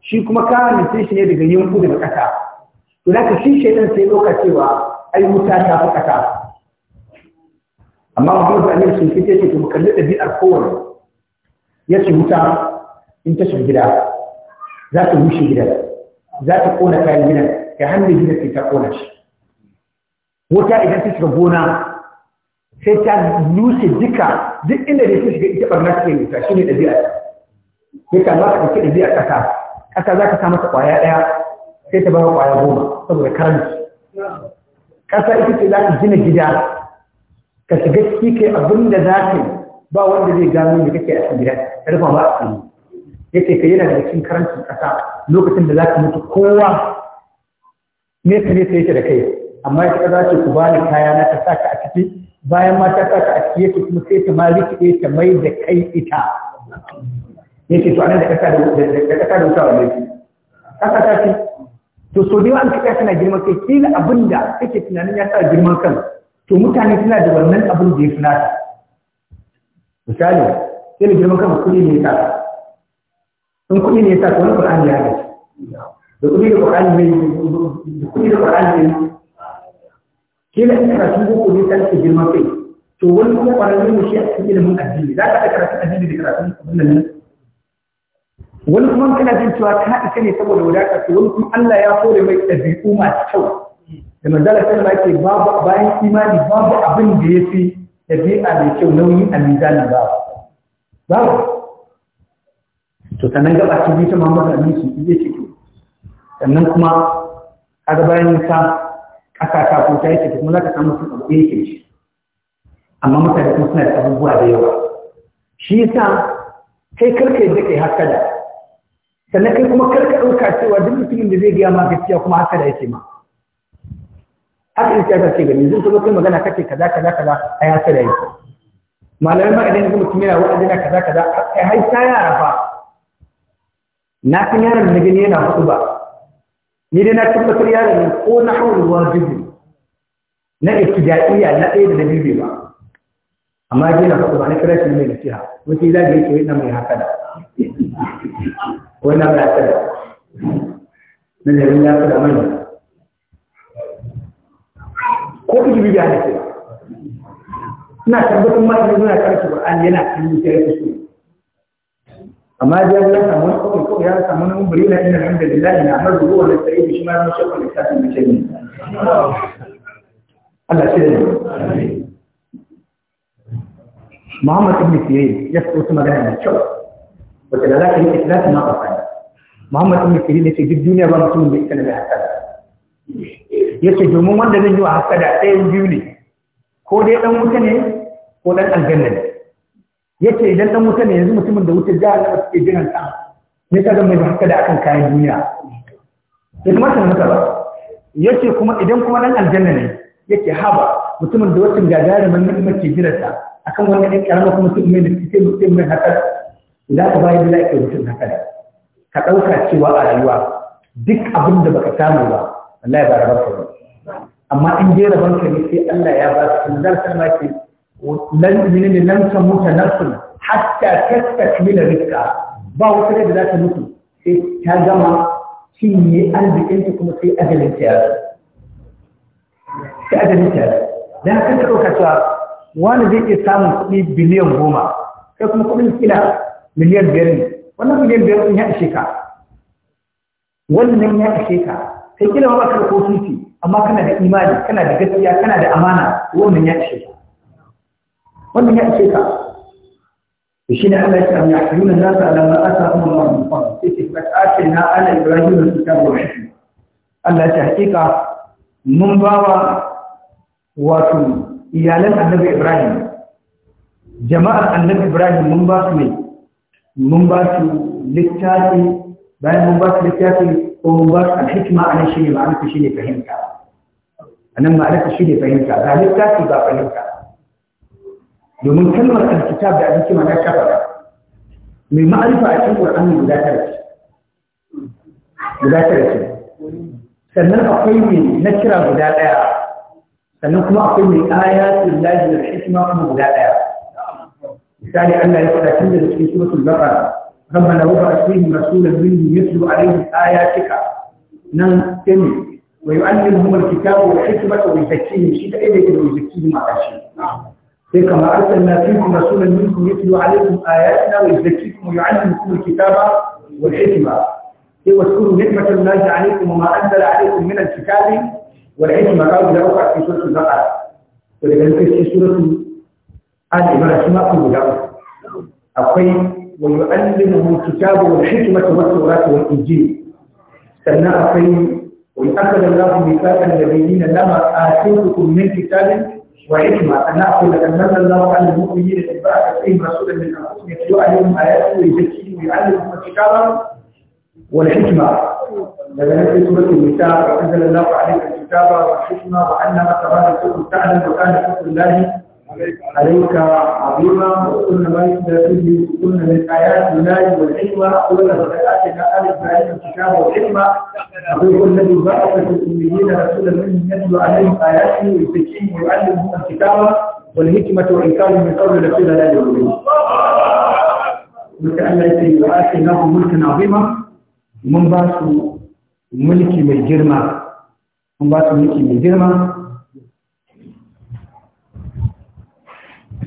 shi kuma ka halitta shi ne daga yanku daga ƙasa to da ka shi shaidan sai loka cewa ai wuta ta fi ƙasa amma muhammadu amir sun fice ce to kalli ɗabi'ar kowane ya ce wuta in ta shiga gida za ta rushe gidan za ta kona kayan gidan ya hannu gidan sai ta kona shi wuta idan ta shiga gona sai ta lushe duka duk inda da su shiga ita barna take nufa shi ne ɗabi'a Sai ta za ka ɗauki ɗabi'a ƙasa ƙasa za ka sa ƙwaya ɗaya sai ta bawa ƙwaya goma saboda karanci ƙasa ita ce za ka gina gida ka shiga ciki kai abin da za ka ba wanda zai gano da kake a cikin gida ka rufa ma a cikin yake ka yana da cikin karancin ƙasa lokacin da za ka mutu kowa nesa nesa yake da kai amma ita za ce ku bani kaya na ta saka a ciki bayan ma ta saka a ciki yake kuma sai ta ma rikide ta mai da kai ita yake to anan da kasa da kasa da wuta ne Kaka kasa ta ce to so da an kika tana girman kai kila abin da kake tunanin ya sa girman kan to mutane suna da wannan abin da ya fi nata misali sai da girman kan kuɗi ne ya sa in kuɗi ne ya sa to wani ƙur'ani ya ga da kuɗi da ƙur'ani ne da kuɗi da ƙur'ani ne kila karatu boko ne kan ke girma kai to wani kuma kwararre mu shi a cikin ilimin addini za ka karatu addini da karatu wannan wani kuma kana jin cewa ta isa ne saboda wadatar to wani kuma Allah ya kore mai ɗabi'u masu kyau da manzala sai ma yake babu bayan imani babu abin da ya fi ɗabi'a mai kyau nauyi a mizani ba ba to sannan gaba ta bi ta mamaka aminci ya ce to sannan kuma kaga bayan nisa ƙasa ta ko ta yake kuma za samu sun abu ɗaya ke shi amma mutane kuma suna da abubuwa da yawa shi yasa kai karka yadda kai haskada sannan kai kuma karka ɗauka cewa duk mutumin da zai gaya ma gaskiya kuma haskada yake ma haka yake ya ce gani zan kuma kai magana kake kaza kaza kaza yasa haskada yake malamai ma idan yanzu mutum yana wa'azi na kaza kaza a har haisa yara fa na san yaran da na gani yana hudu ba ni dai na tabbatar yaron ne ko na hawar jibi na ibtida'iyya na ɗaya da na bibi ba amma dai na faɗo ba na kira shi ne mai nasiha mun sai zaka yake wannan mai haka da wannan mai haka da na da ya haka da manya ko ijibi ya haka ina tabbatar ma zuwa muna karanta an yana cikin mutane su أما جاءنا سمون أوكي كوك يا سمون أم بريلا إن الحمد لله إن عمل دوه ولا سعيد بشمال ما شوفوا الإكتاس المشاهدين الله سيدنا محمد ابن سيرين يفتو اسم الله عنه شو وكلا لا كريم إثلاث ما قصان محمد ابن سيرين يسي جد دنيا ورسول بإكتنا بحسن يسي جمو من دنجو حسد أتين جولي كودي أمو سنة كودي أمو سنة yace idan dan wuta ne yanzu mutumin da wuta jahannama suke jiran sa ne ka zama mai haka da akan kayan duniya ya kuma sanin haka ba yace kuma idan kuma dan aljanna ne yace haba mutumin da wata gagarumin ni'ima ke jiran sa akan wannan ɗan karama kuma su mai da suke mutum mai haka za ka bayar da lafiya mutum haka da ka ɗauka cewa a rayuwa duk abin da baka samu ba wallahi ba rabar ka ba amma in je rabar ka ne sai Allah ya ba su zan za su ce lan minne lan tamuta nafsun hatta tastakmila rizqa ba wata da za ta mutu sai ta gama cinye arzikinta kuma sai ajalin ta yaro sai ajalin ta yaro dan kan ta ɗauka cewa wani zai iya samun kuɗi biliyan goma sai kuma kuɗin kila miliyan biyar ne wannan miliyan biyar sun ya ishe ka wannan ya ishe ka sai kila ba ka da ko amma kana da imani kana da gaskiya kana da amana wannan ya ishe ka قل لي أشيك بشين أمس أن يحكمون الناس على ما أساهم الله من قبل تيسك بس آتنا على إبراهيم الكتاب والحكم ألا تهتيك من باوا واتو إيا النبي إبراهيم جماعة النبي إبراهيم من باسمي من باسو لكتاتي بين من باس لكتاتي ومن باس الحكمة عن الشيء معنى في شيء فهمتها أنا معرفة الشيء فهمتها ذا لكتاتي ذا فهمتها domin kalmar alkitab da alhikima ta shafa mai ma'arifa a cikin Qur'ani guda tara ce guda tara ce sannan akwai mai na kira guda ɗaya sannan kuma akwai mai ayatul lahi da hikima kuma guda ɗaya misali Allah ya faɗa tun da cikin suratul baqara ربنا wa فيه rasulan minhum يتلو عليه اياتك nan tani wa yu'allimuhum alkitaba wal hikmata wa yuzakkihim على شيء yake كما أرسلنا فيكم رسولا منكم يتلو عليكم آياتنا ويزكيكم ويعلمكم الكتاب والحكمة إيه، واذكروا نعمة الله عليكم وما أنزل عليكم من الكتاب والحكمة قالوا لا وقعت في سورة البقرة ولذلك في سورة آل عمران سماء كل جواب أخي ويعلمهم الكتاب والحكمة والتوراة والإنجيل سنة أخي وإن الله ميثاقا لبينين لما آتيتكم من كتاب وإما أن نأخذ أنزل الله على المؤمنين إتباعا فيهم رسولا من أنفسهم يتلو عليهم آياته ويزكيهم ويعلمهم الكتاب والحكمة لذلك سورة النساء وأنزل الله عليك الكتاب والحكمة وعلمك ما لم تكن تعلم وكان حكم الله عليك عظيما وكنا ما يستفيد وكنا من آيات الله والحكمة أولا فتاتنا آل إبراهيم الكتاب والحكمة أبوه الذي بعث في الأميين رسولا منهم يتلو عليهم آياته ويزكيهم ويعلمهم الكتاب والحكمة وإن كانوا من قبل لفي ضلال مبين. ملك الله يسير وآتيناه ملكا عظيما من باسو ملكي من جرما من باسو ملكي من جرما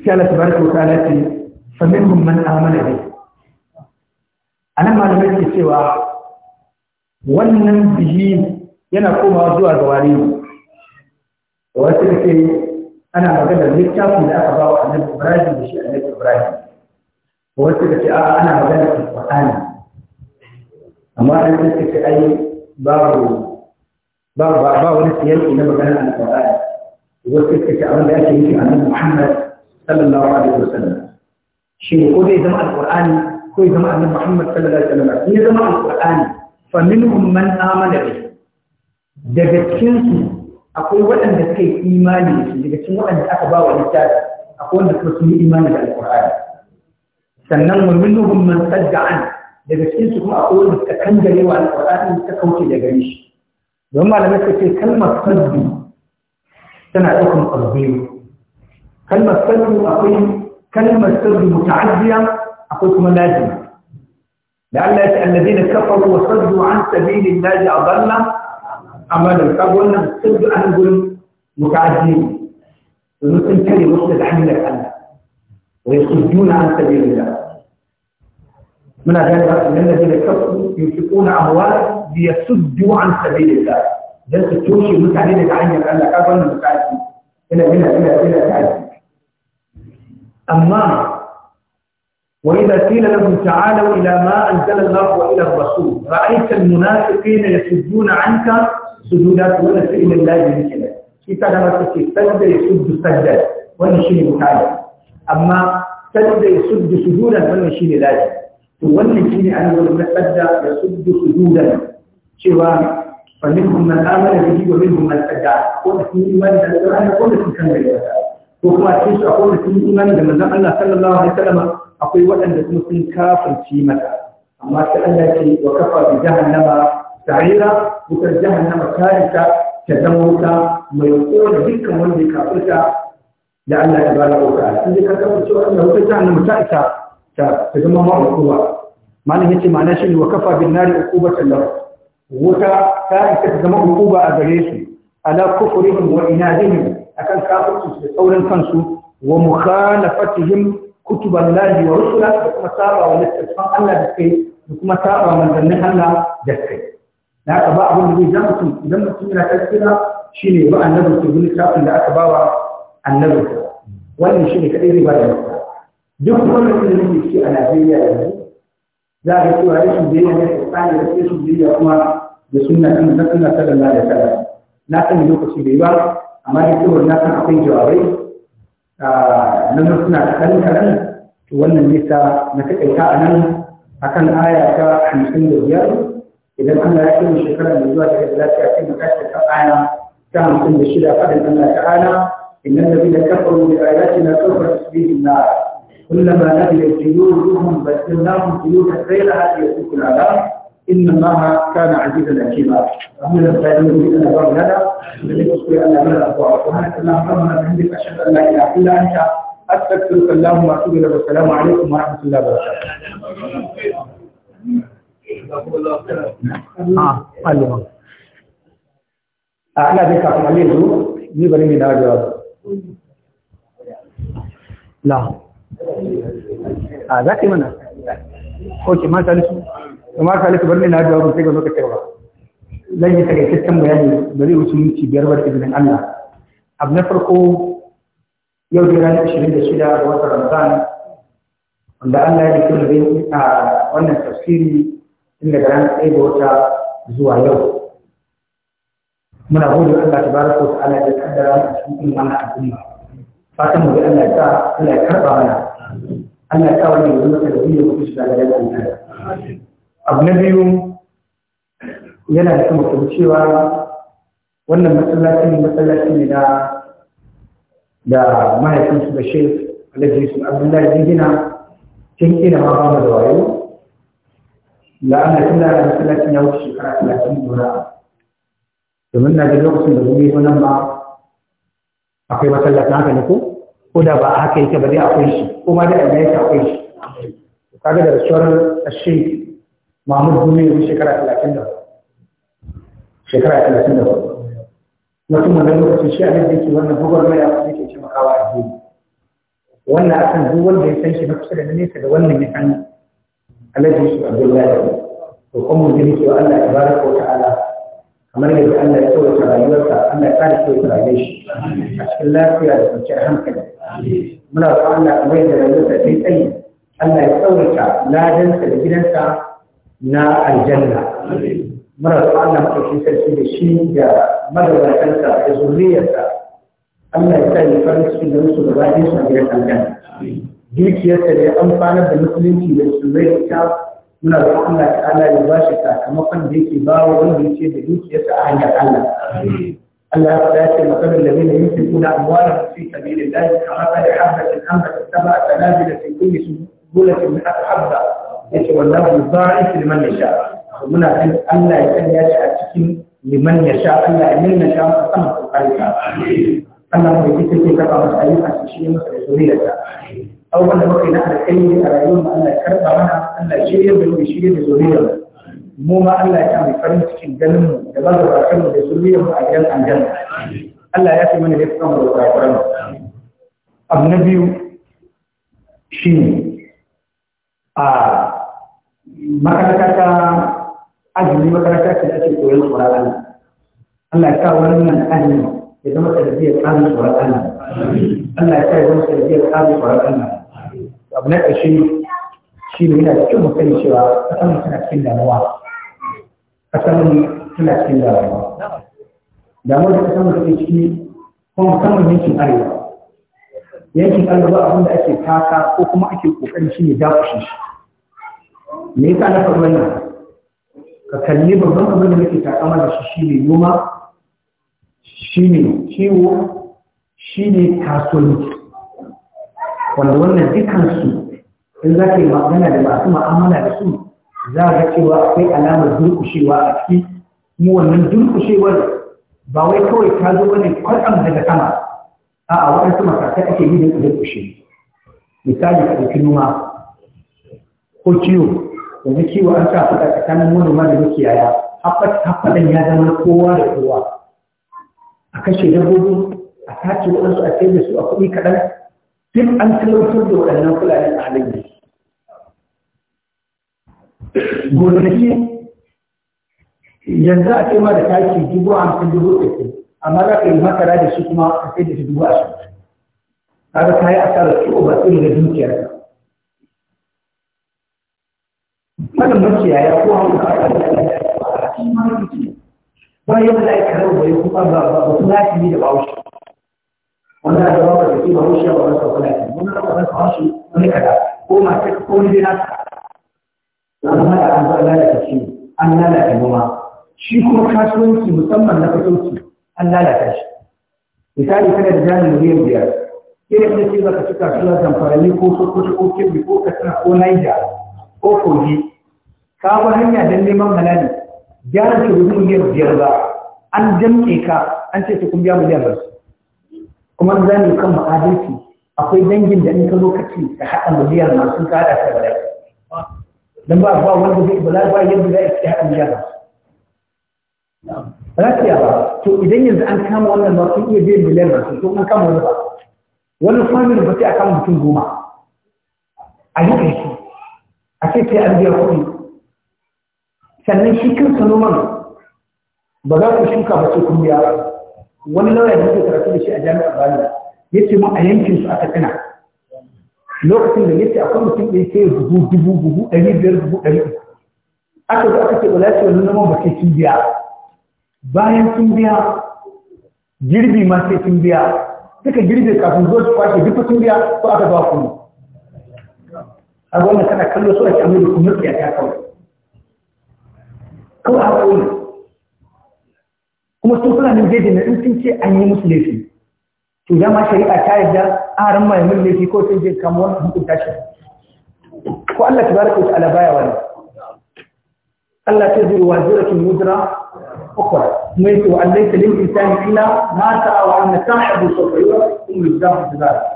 sai Allah tabaraka wa ta'ala ce fa minhum man amana bi anan malamai ke cewa wannan bihi yana komawa zuwa ga wani wasu ke ana magana littafin da aka ba wa annabi Ibrahim da shi annabi Ibrahim wasu ke a ana magana Qur'ani amma an ce ai babu ba wani siyarki na maganar alƙur'ani wasu suka ce abin da ake yi a nan muhammad sallallahu alaihi wasallam shi ko dai zama alqur'ani ko zama annabi Muhammad sallallahu alaihi wasallam ne zama alqur'ani fa minhum man amana bi daga cikin su akwai waɗanda suka yi imani da shi daga cikin waɗanda aka ba wa littafi akwai wanda suka sun yi imani da alqur'ani sannan wa minhum man sadda'an, daga cikin su kuma akwai wanda suka kangare wa alqur'ani suka kauce daga shi don malamai suka ce kalmar saddu tana ɗaukan ƙwarbiyu كلمة سر أقيم كلمة سر متعدية أقول لكم لألا يسأل الذين كفروا وصدوا عن سبيل الله أضل أمل فقلنا السر أنزل متعدين ونسل كلمة مصدد عن الله ويصدون عن سبيل الله من هذا من الذين كفروا ينفقون أموال ليصدوا عن سبيل الله ده التوشي متعدين عن الله أضل متعدين هنا هنا هنا هنا متعدين أما وإذا قيل لهم تعالوا إلى ما أنزل الله وإلى الرسول رأيت المنافقين يسجون عنك سجودات ولا سئل الله بكلا كيف لما تكي سجد يسد سجدا ولا شيء بكالا أما سجد يسد سجودا ولا شيء لازم ولا شيء أنا ولا سجد يسد سجودا شوى فمنهم من آمن به ومنهم من سجد قلت لي وإذا سجد أنا قلت لكم كم ko kuma cikin su akwai wanda sun yi imani da manzon Allah sallallahu alaihi wasallam akwai waɗanda kuma sun kafirci mata amma sai Allah ya ce wa kafa bi jahannama sa'ira wutar jahannama tarika ta zama wuta mai kona dukkan wanda ya kafirta da Allah ta bada wuta sun ji karkar cewa Allah wutar jahannama ta isa ta zama ma hukuma malam yace ma'ana shi wa kafa bin nari uqubatan lahu wuta ta isa ta zama hukuma a gare su ala kufrihim wa inadihim akan kafirci da saurin kansu wa mukhalafatihim kutuban lahi wa rusula da kuma saba wa littattafan Allah da kai da kuma saba wa manzannin Allah da kai da aka ba abin da zai ja mutum idan mutum yana tafsira shine ba annabi ke bin littafin da aka bawa annabi wannan shine kadai zai ba da mutum duk wannan da nake ciki a Najeriya yanzu za a ga cewa rashin biyayya ne tsakanin da rashin biyayya kuma da sunna kan da sunna sallallahu alaihi wasallam na kan lokaci da ba. amma da cewar na san akwai jawabai na suna kaɗan kaɗan to wannan nisa na taƙaita a nan akan aya ta hamsin da biyar idan Allah ya kai shekara mai zuwa daga lafiya sai mu tashi kan aya ta hamsin da shida faɗin Allah ta'ala innal ladina kafaru bi ayatina sawfa tusbihim nar كلما نبلت جلودهم بدلناهم da غيرها ليذوقوا العذاب إن الله كان عزيزا حكيما أما الذين من أن أبرم لنا الذي أصلي أن أبرم الأبواب وأنا كنا أبرم أشهد أن لا إله إلا أنت أستغفرك اللهم وأتوب إليك والسلام عليكم ورحمة الله وبركاته. آه، أنا ذيك أعمل له نبرم من أجل لا. هذا آه، كمان. أوكي ما تعرفون. amma ka lissa ne na jawabu sai ga zo ka cewa zan yi takaitaccen bayani da zai wuce minti biyar ba izinin Allah abu na farko yau da ranar ashirin da shida ga watan Ramadan wanda Allah ya dukkan zai yi a wannan tafsiri tun daga ranar ɗaya ga wata zuwa yau muna gode Allah ta tabaraka wa ta'ala da kaddara a cikin wannan al'umma fatan mu ga Allah ya sa Allah ya karba mana Allah ya sa wannan yanzu da zai yi mutunci da ga Allah abu na biyu yana da kuma cewa wannan masallacin masallaci ne na da mahaifinsu da shef alhaji su abdullahi jingina cin ina ma ba da wayo da an da masallacin ya wuce shekara talatin dora domin na da lokacin da gumi nan ba akwai masallacin haka ne ko ko da ba a haka yake ba dai akwai shi ko ma da ya yake akwai shi kaga da rasuwar ashe mahmud duniya shekara talatin da shekara talatin da mutum wannan lokaci shi a yadda yake wannan ne ke yake taimakawa a jini wannan kan duk wanda ya san shi na kusa da nesa da wannan ya san a shi abdullahi to kuma mun gani cewa Allah ya baraka ko ta'ala kamar yadda Allah ya tsawaita rayuwarsa Allah ya tsara tsawaita rayuwar shi a cikin lafiya da kwanciyar hankali muna roƙon Allah kamar yadda rayuwarsa ta yi tsayi Allah ya tsawaita ladansa da gidansa na aljanna mara su Allah maɗauki sarki da shi da magabatansa da zuriyarsa Allah ya sa ya farin ciki da musu da bayan su da gidan aljanna dukiyarsa da ya amfanar da musulunci da musulmai da ita muna da Allah ta'ala ya ba shi sakamakon da yake ba wa wanda yake da dukiyarsa a hanyar Allah Allah ya faɗa ce matsalar da zai yake kuna amwalar fi sabilillahi kamar da da Saba, habbatin habbatin sama'a sanabila fi kulli sulatin min habba yace wallahi yudha'ifu liman yasha muna kan Allah ya sanya shi a cikin liman sha. Allah ya nuna shi a sama ko ka. Allah mai kike ke karba masa ayyuka shi masa da zuriyarsa abubuwan da muka yi na alkhairi a rayuwar Allah ya karba mana Allah ya shirya da mu shirya da zuriyar mu ma Allah ya sa farin cikin ganin mu da ba da bakin mu da zuriyar mu a gidan aljanna Allah ya fi mana da kuma da kurakuran abu na biyu shine a makaranta ta azumi makaranta ce ake koyon tsoron Allah ya sa wannan azumi ya zama tarbiyyar tsarin tsoron Allah Allah ya sa ya zama tarbiyyar tsarin tsoron Allah abu na ƙarshe shi ne yana cikin mutane cewa ƙasar mu tana cikin damuwa ƙasar mu tana cikin damuwa damuwar da ƙasar mu take ciki kuma musamman yankin arewa yankin arewa abin da ake taka ko kuma ake ƙoƙarin shi ne dakushe shi me yasa na faru wannan ka kalli babban abin da muke takama da shi shine noma shine kiwo shine kasuwanci wanda wannan dukansu in za ka yi magana da masu ma'amala da su za ga cewa akwai alamar durƙushewa a ciki mu wannan durƙushewar ba wai kawai ta zo wani kwatsam daga sama a'a waɗansu matakai ake yi da durkushe misali ka noma ko ciwo yanzu kiwo an sa faɗa tsakanin manoma da makiyaya haɓɓaɗan ya zama kowa da kowa a kashe dabbobin a tace waɗansu a sayar da su a kuɗi kaɗan duk an talautar da waɗannan fulani a halin gonaki yanzu a ma da taki dubu hamsin dubu ɗari amma za ka yi makara da shi kuma a sai da shi dubu ashirin kaga ta yi asarar su ba tsiri da dukiyar kada makiyaya ko hau da aka da a cikin mahaifici bayan da aka rabu bai kuma ba ba ba fulani da bahaushe wanda da ba da ke bahaushe ba wani sau fulani wani sau wani bahaushe wani kada ko masu ko wani dina na zama da an lalata shi an lalata noma shi kuma kasuwanci musamman na kasuwanci an lalata shi misali kana da jami'in miliyan biyar irin da ce cika ci kasuwa zamfarani ko sokoto ko kebbi ko katsina ko naija ko kogi ka bi hanya don neman halali gyara ce wajen miliyan biyar ba an jamke ka an ce kun biya miliyan ba kuma za mu kan ma'adalci akwai dangin da in ka lokaci ka haɗa miliyan ma sun kada ta bala dan ba ba wanda zai bala ba yadda za a haɗa miliyan ba rafiya ba to idan yanzu an kama wannan ba sun iya biyan miliyan ba to an kama wani ba wani family ba sai a kama mutum goma a yi ƙarshe a ce sai an biya kuɗi sannan shi kansa noman ba za ku shuka ba sai kun biya wani lauya da yake karatu da shi a jami'ar bani ya ce mu a yankin su aka tana lokacin da yace akwai mutum da yake dubu dubu dubu ɗari biyar dubu ɗari aka zo aka ce ba za su wani noman ba sai sun biya bayan sun biya girbi ma sai sun biya duka girbe kafin zuwa su kwashe duka sun biya ko aka zuwa kuma a gwamnati kana kallo su ake amma da kuma tsaya ta kawai kawai haka wani kuma su fulanin jejin na in sun ce an yi musu laifi to dama shari'a ta yarda aran mai mun laifi ko sun je kama wannan hukunta shi ko Allah tabaraka wa ta'ala baya wani Allah ta zuru wa zuratun mudra ukra kuma yake wa Allah ta yi lil insani illa ma ta'a wa anna sahibu sawfa yu'um yuzahu bidhalik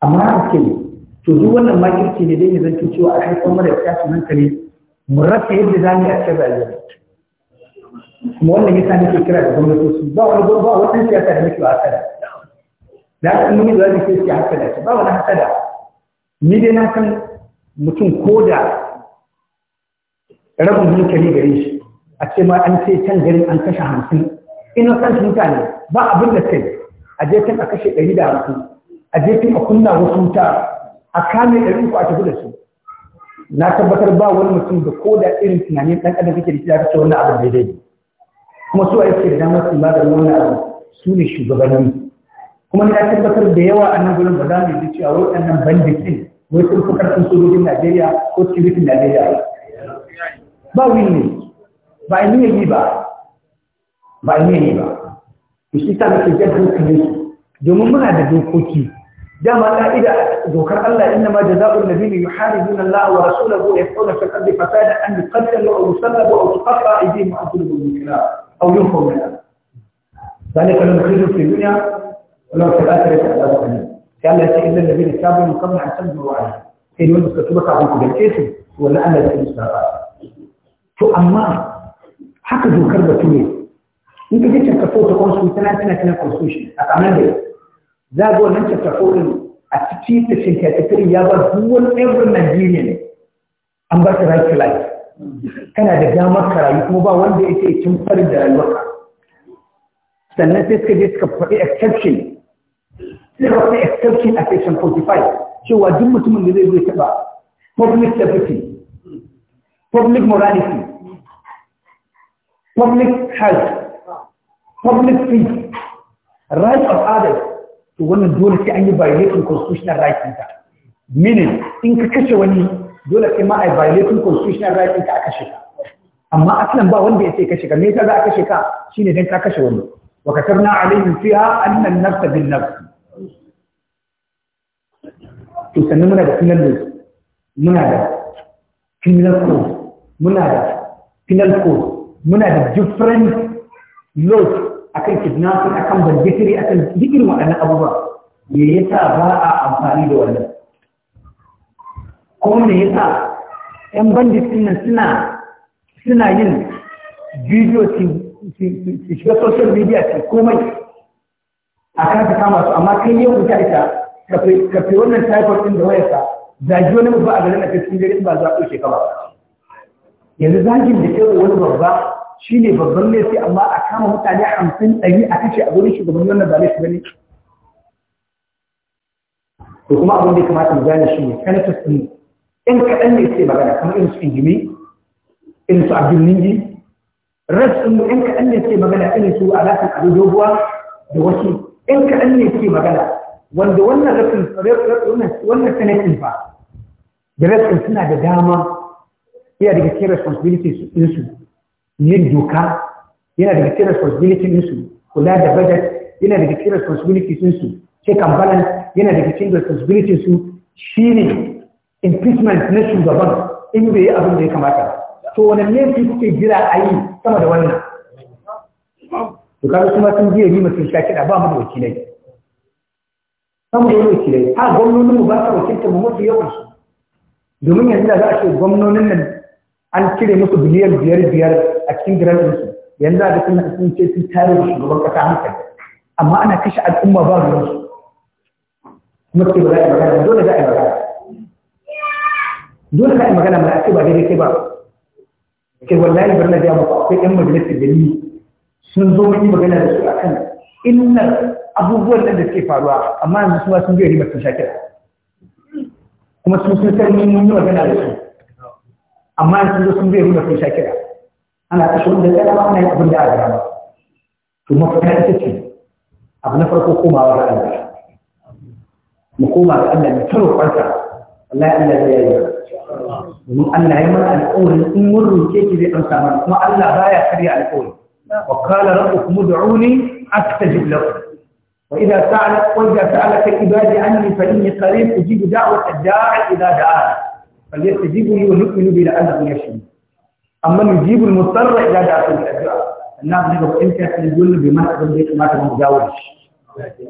amma haka ne to zuwa wannan makirci ne dai ne zan cewa a haifar mara tashin hankali mu rasa yadda za mu yi a cikin rayuwar kuma wannan sami ke kira da gwamnati su ba wani ba wani siyasa da nake ba hasada da haka da wani siyasa sai haka da ba wani haka da. ni dai na san mutum ko da rabin hankali gare shi a ce ma an ce can garin an kashe hamsin ina san shi mutane ba abin da sai a je can a kashe ɗari da hamsin a je can a kunna wasu wuta a kame ɗari uku a tafi da su na tabbatar ba wani mutum da ko da irin tunanin ɗan adam kake da shi ya ce wannan abin daidai ne kuma su a yake da damar su maganin wannan abin su ne shugabanni kuma na tabbatar da yawa a nan gurin ba za mu yi cewa waɗannan banditin wai sun fi ƙarfin sojojin Najeriya ko sojojin Najeriya ba wani ne ba a niyan yi ba ba a niyan yi ba shi ta muke jan hankalin su domin muna da dokoki دام الله إذا ذكر الله إنما جزاء الذين يحاربون الله ورسوله يفعون في الأرض فسادا أن يقتلوا أو يسلبوا أو تقطع أيديهم وأنقلبوا من الله أو ينفوا منها ذلك لما خرجوا في الدنيا ولو في الآخرة أعداد قليل قال لا إلا الذين تابوا من قبل أن تنزلوا عليه حين يوجد كتبة عن كل كيس ولا أن لا تنزل فأما حق ذكر بكمية أنت جيت أنت فوت قوس وثلاثين أثنين قوسوش أتعمل za ga wannan chapter a cikin section 33 ya ba duk wani every Nigerian an ba ta right to life kana da damar karayu kuma ba wanda yake cin farin da rayuwa sannan sai suka je suka faɗi exception sai ka faɗi exception a section 45 cewa duk mutumin da zai zo ya taɓa public safety public morality public health public peace right of others to wannan dole sai an yi violating constitutional rights ɗinka meaning in ka kashe wani dole sai ma a violating constitutional rights ɗinka a kashe ka amma asalin ba wanda ya ce kashe ka me yasa za a kashe ka shine dan ka kashe wani wa katabna alaihim fiha anna an-nafs bin nafs to sannan muna da penal law muna da criminal code muna da penal code muna da different laws akan kidnapping akan banditiri akan dikir irin waɗannan abubuwa me yasa ba a amfani da wannan kuma me yasa yan bandit din nan suna suna yin bidiyo su shiga social media su komai a kan ta kama su amma kai yau wuta ita ka fi wannan typhoid din da wayarsa zagi wani babba a garin a cikin gari ba za a ɗauke ka ba yanzu zagin da ke wani babba shi ne babban laifi amma a kama mutane hamsin ɗari a kashe a gurin shugabanni wannan ba laifi bane to kuma abin da ya kamata mu gane shi ne senators ne in kaɗan ne sai magana kamar irin su injimi irin su abdul ningi rasu mu in kaɗan ne sai magana irin su alaƙar abu doguwa da wasu in kaɗan ne sai magana wanda wannan rasin wannan senatin ba da rasin suna da dama iya daga cikin responsibilities ɗinsu yin doka yana daga cikin responsibility ɗinsu kula da budget yana daga cikin responsibility ɗinsu check and balance yana daga cikin responsibility su shine impeachment na shugaban in bai yi abin da ya kamata to wani su suke jira a yi sama da wannan to kaga kuma sun biya ni mutum sha kiɗa ba mu da wakilai samu da wakilai ha gwamnonin mu ba sa wakilta mu mafi yawan su domin yanzu da za a ce gwamnonin nan an cire musu biliyan biyar biyar cikin gidajensu yanzu a ga suna sun ce sun tare da shugaban kasa hankali amma ana kashe al'umma ba ruwansu kuma ce ba za a yi magana dole za a yi magana dole za a yi magana mana ake ba daidai kai ba ke wallahi bar na biya muku akwai yan majalisar gari sun zo mun yi magana da su akan illar abubuwan nan da suke faruwa amma yanzu su ma sun biya ribar sun shakira kuma sun sun san mun yi magana da su amma yanzu sun biya ribar sun shakira ana ashirin da ɗaya ana yin abin da aka gama to mafita ita ce abu na farko komawa ga Allah mu koma ga Allah mu taro kwansa Allah ya Allah zai yi domin Allah ya mana alƙawarin in mun roke ki zai amsa mana kuma Allah baya karya alƙawari wa qala rabbukum ud'uni astajib lakum wa idza sa'ala wa idza sa'alaka ibadi anni fa inni qarib ujibu da'wat ad-da'i idza da'an falyastajibu li wa yu'minu bi la'annahum yashkurun amma yujibul mutarra idan da aka yi addu'a annabi ne ga kanta sai dole bai mana abin da ya kamata mu dawo da shi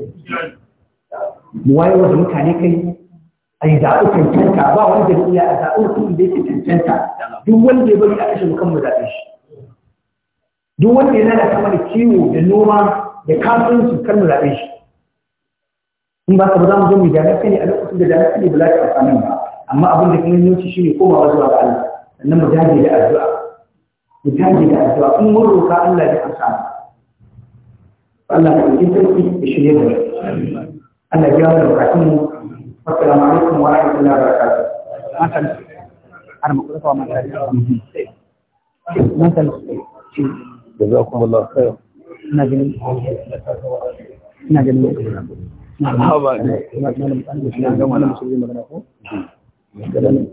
mu wayo da mutane kai ai da ku cancanta ba wani da iya a da ku da yake duk wanda ya bari a kashe mu kan mu shi duk wanda yana da kamar kiwo da noma da kasuwanci kan mu zabe shi in ba ka ba za mu zo mu jami'a kai a lokacin da jami'a kai ba za ta amfani ba amma abin da kan yanci shi ne komawa zuwa ga Allah sannan mu jami'a da addu'a mu dage da addu'a in mun roƙa Allah ya amsa Allah ya yi sarki ya shirye da mu Allah ya jawo bukatun mu assalamu alaikum wa rahmatullahi wa barakatuh hakan har mu kuma kuma da nan jazakum Allah khair ina ganin ina ganin na ba ne ina ganin ina ganin ina ganin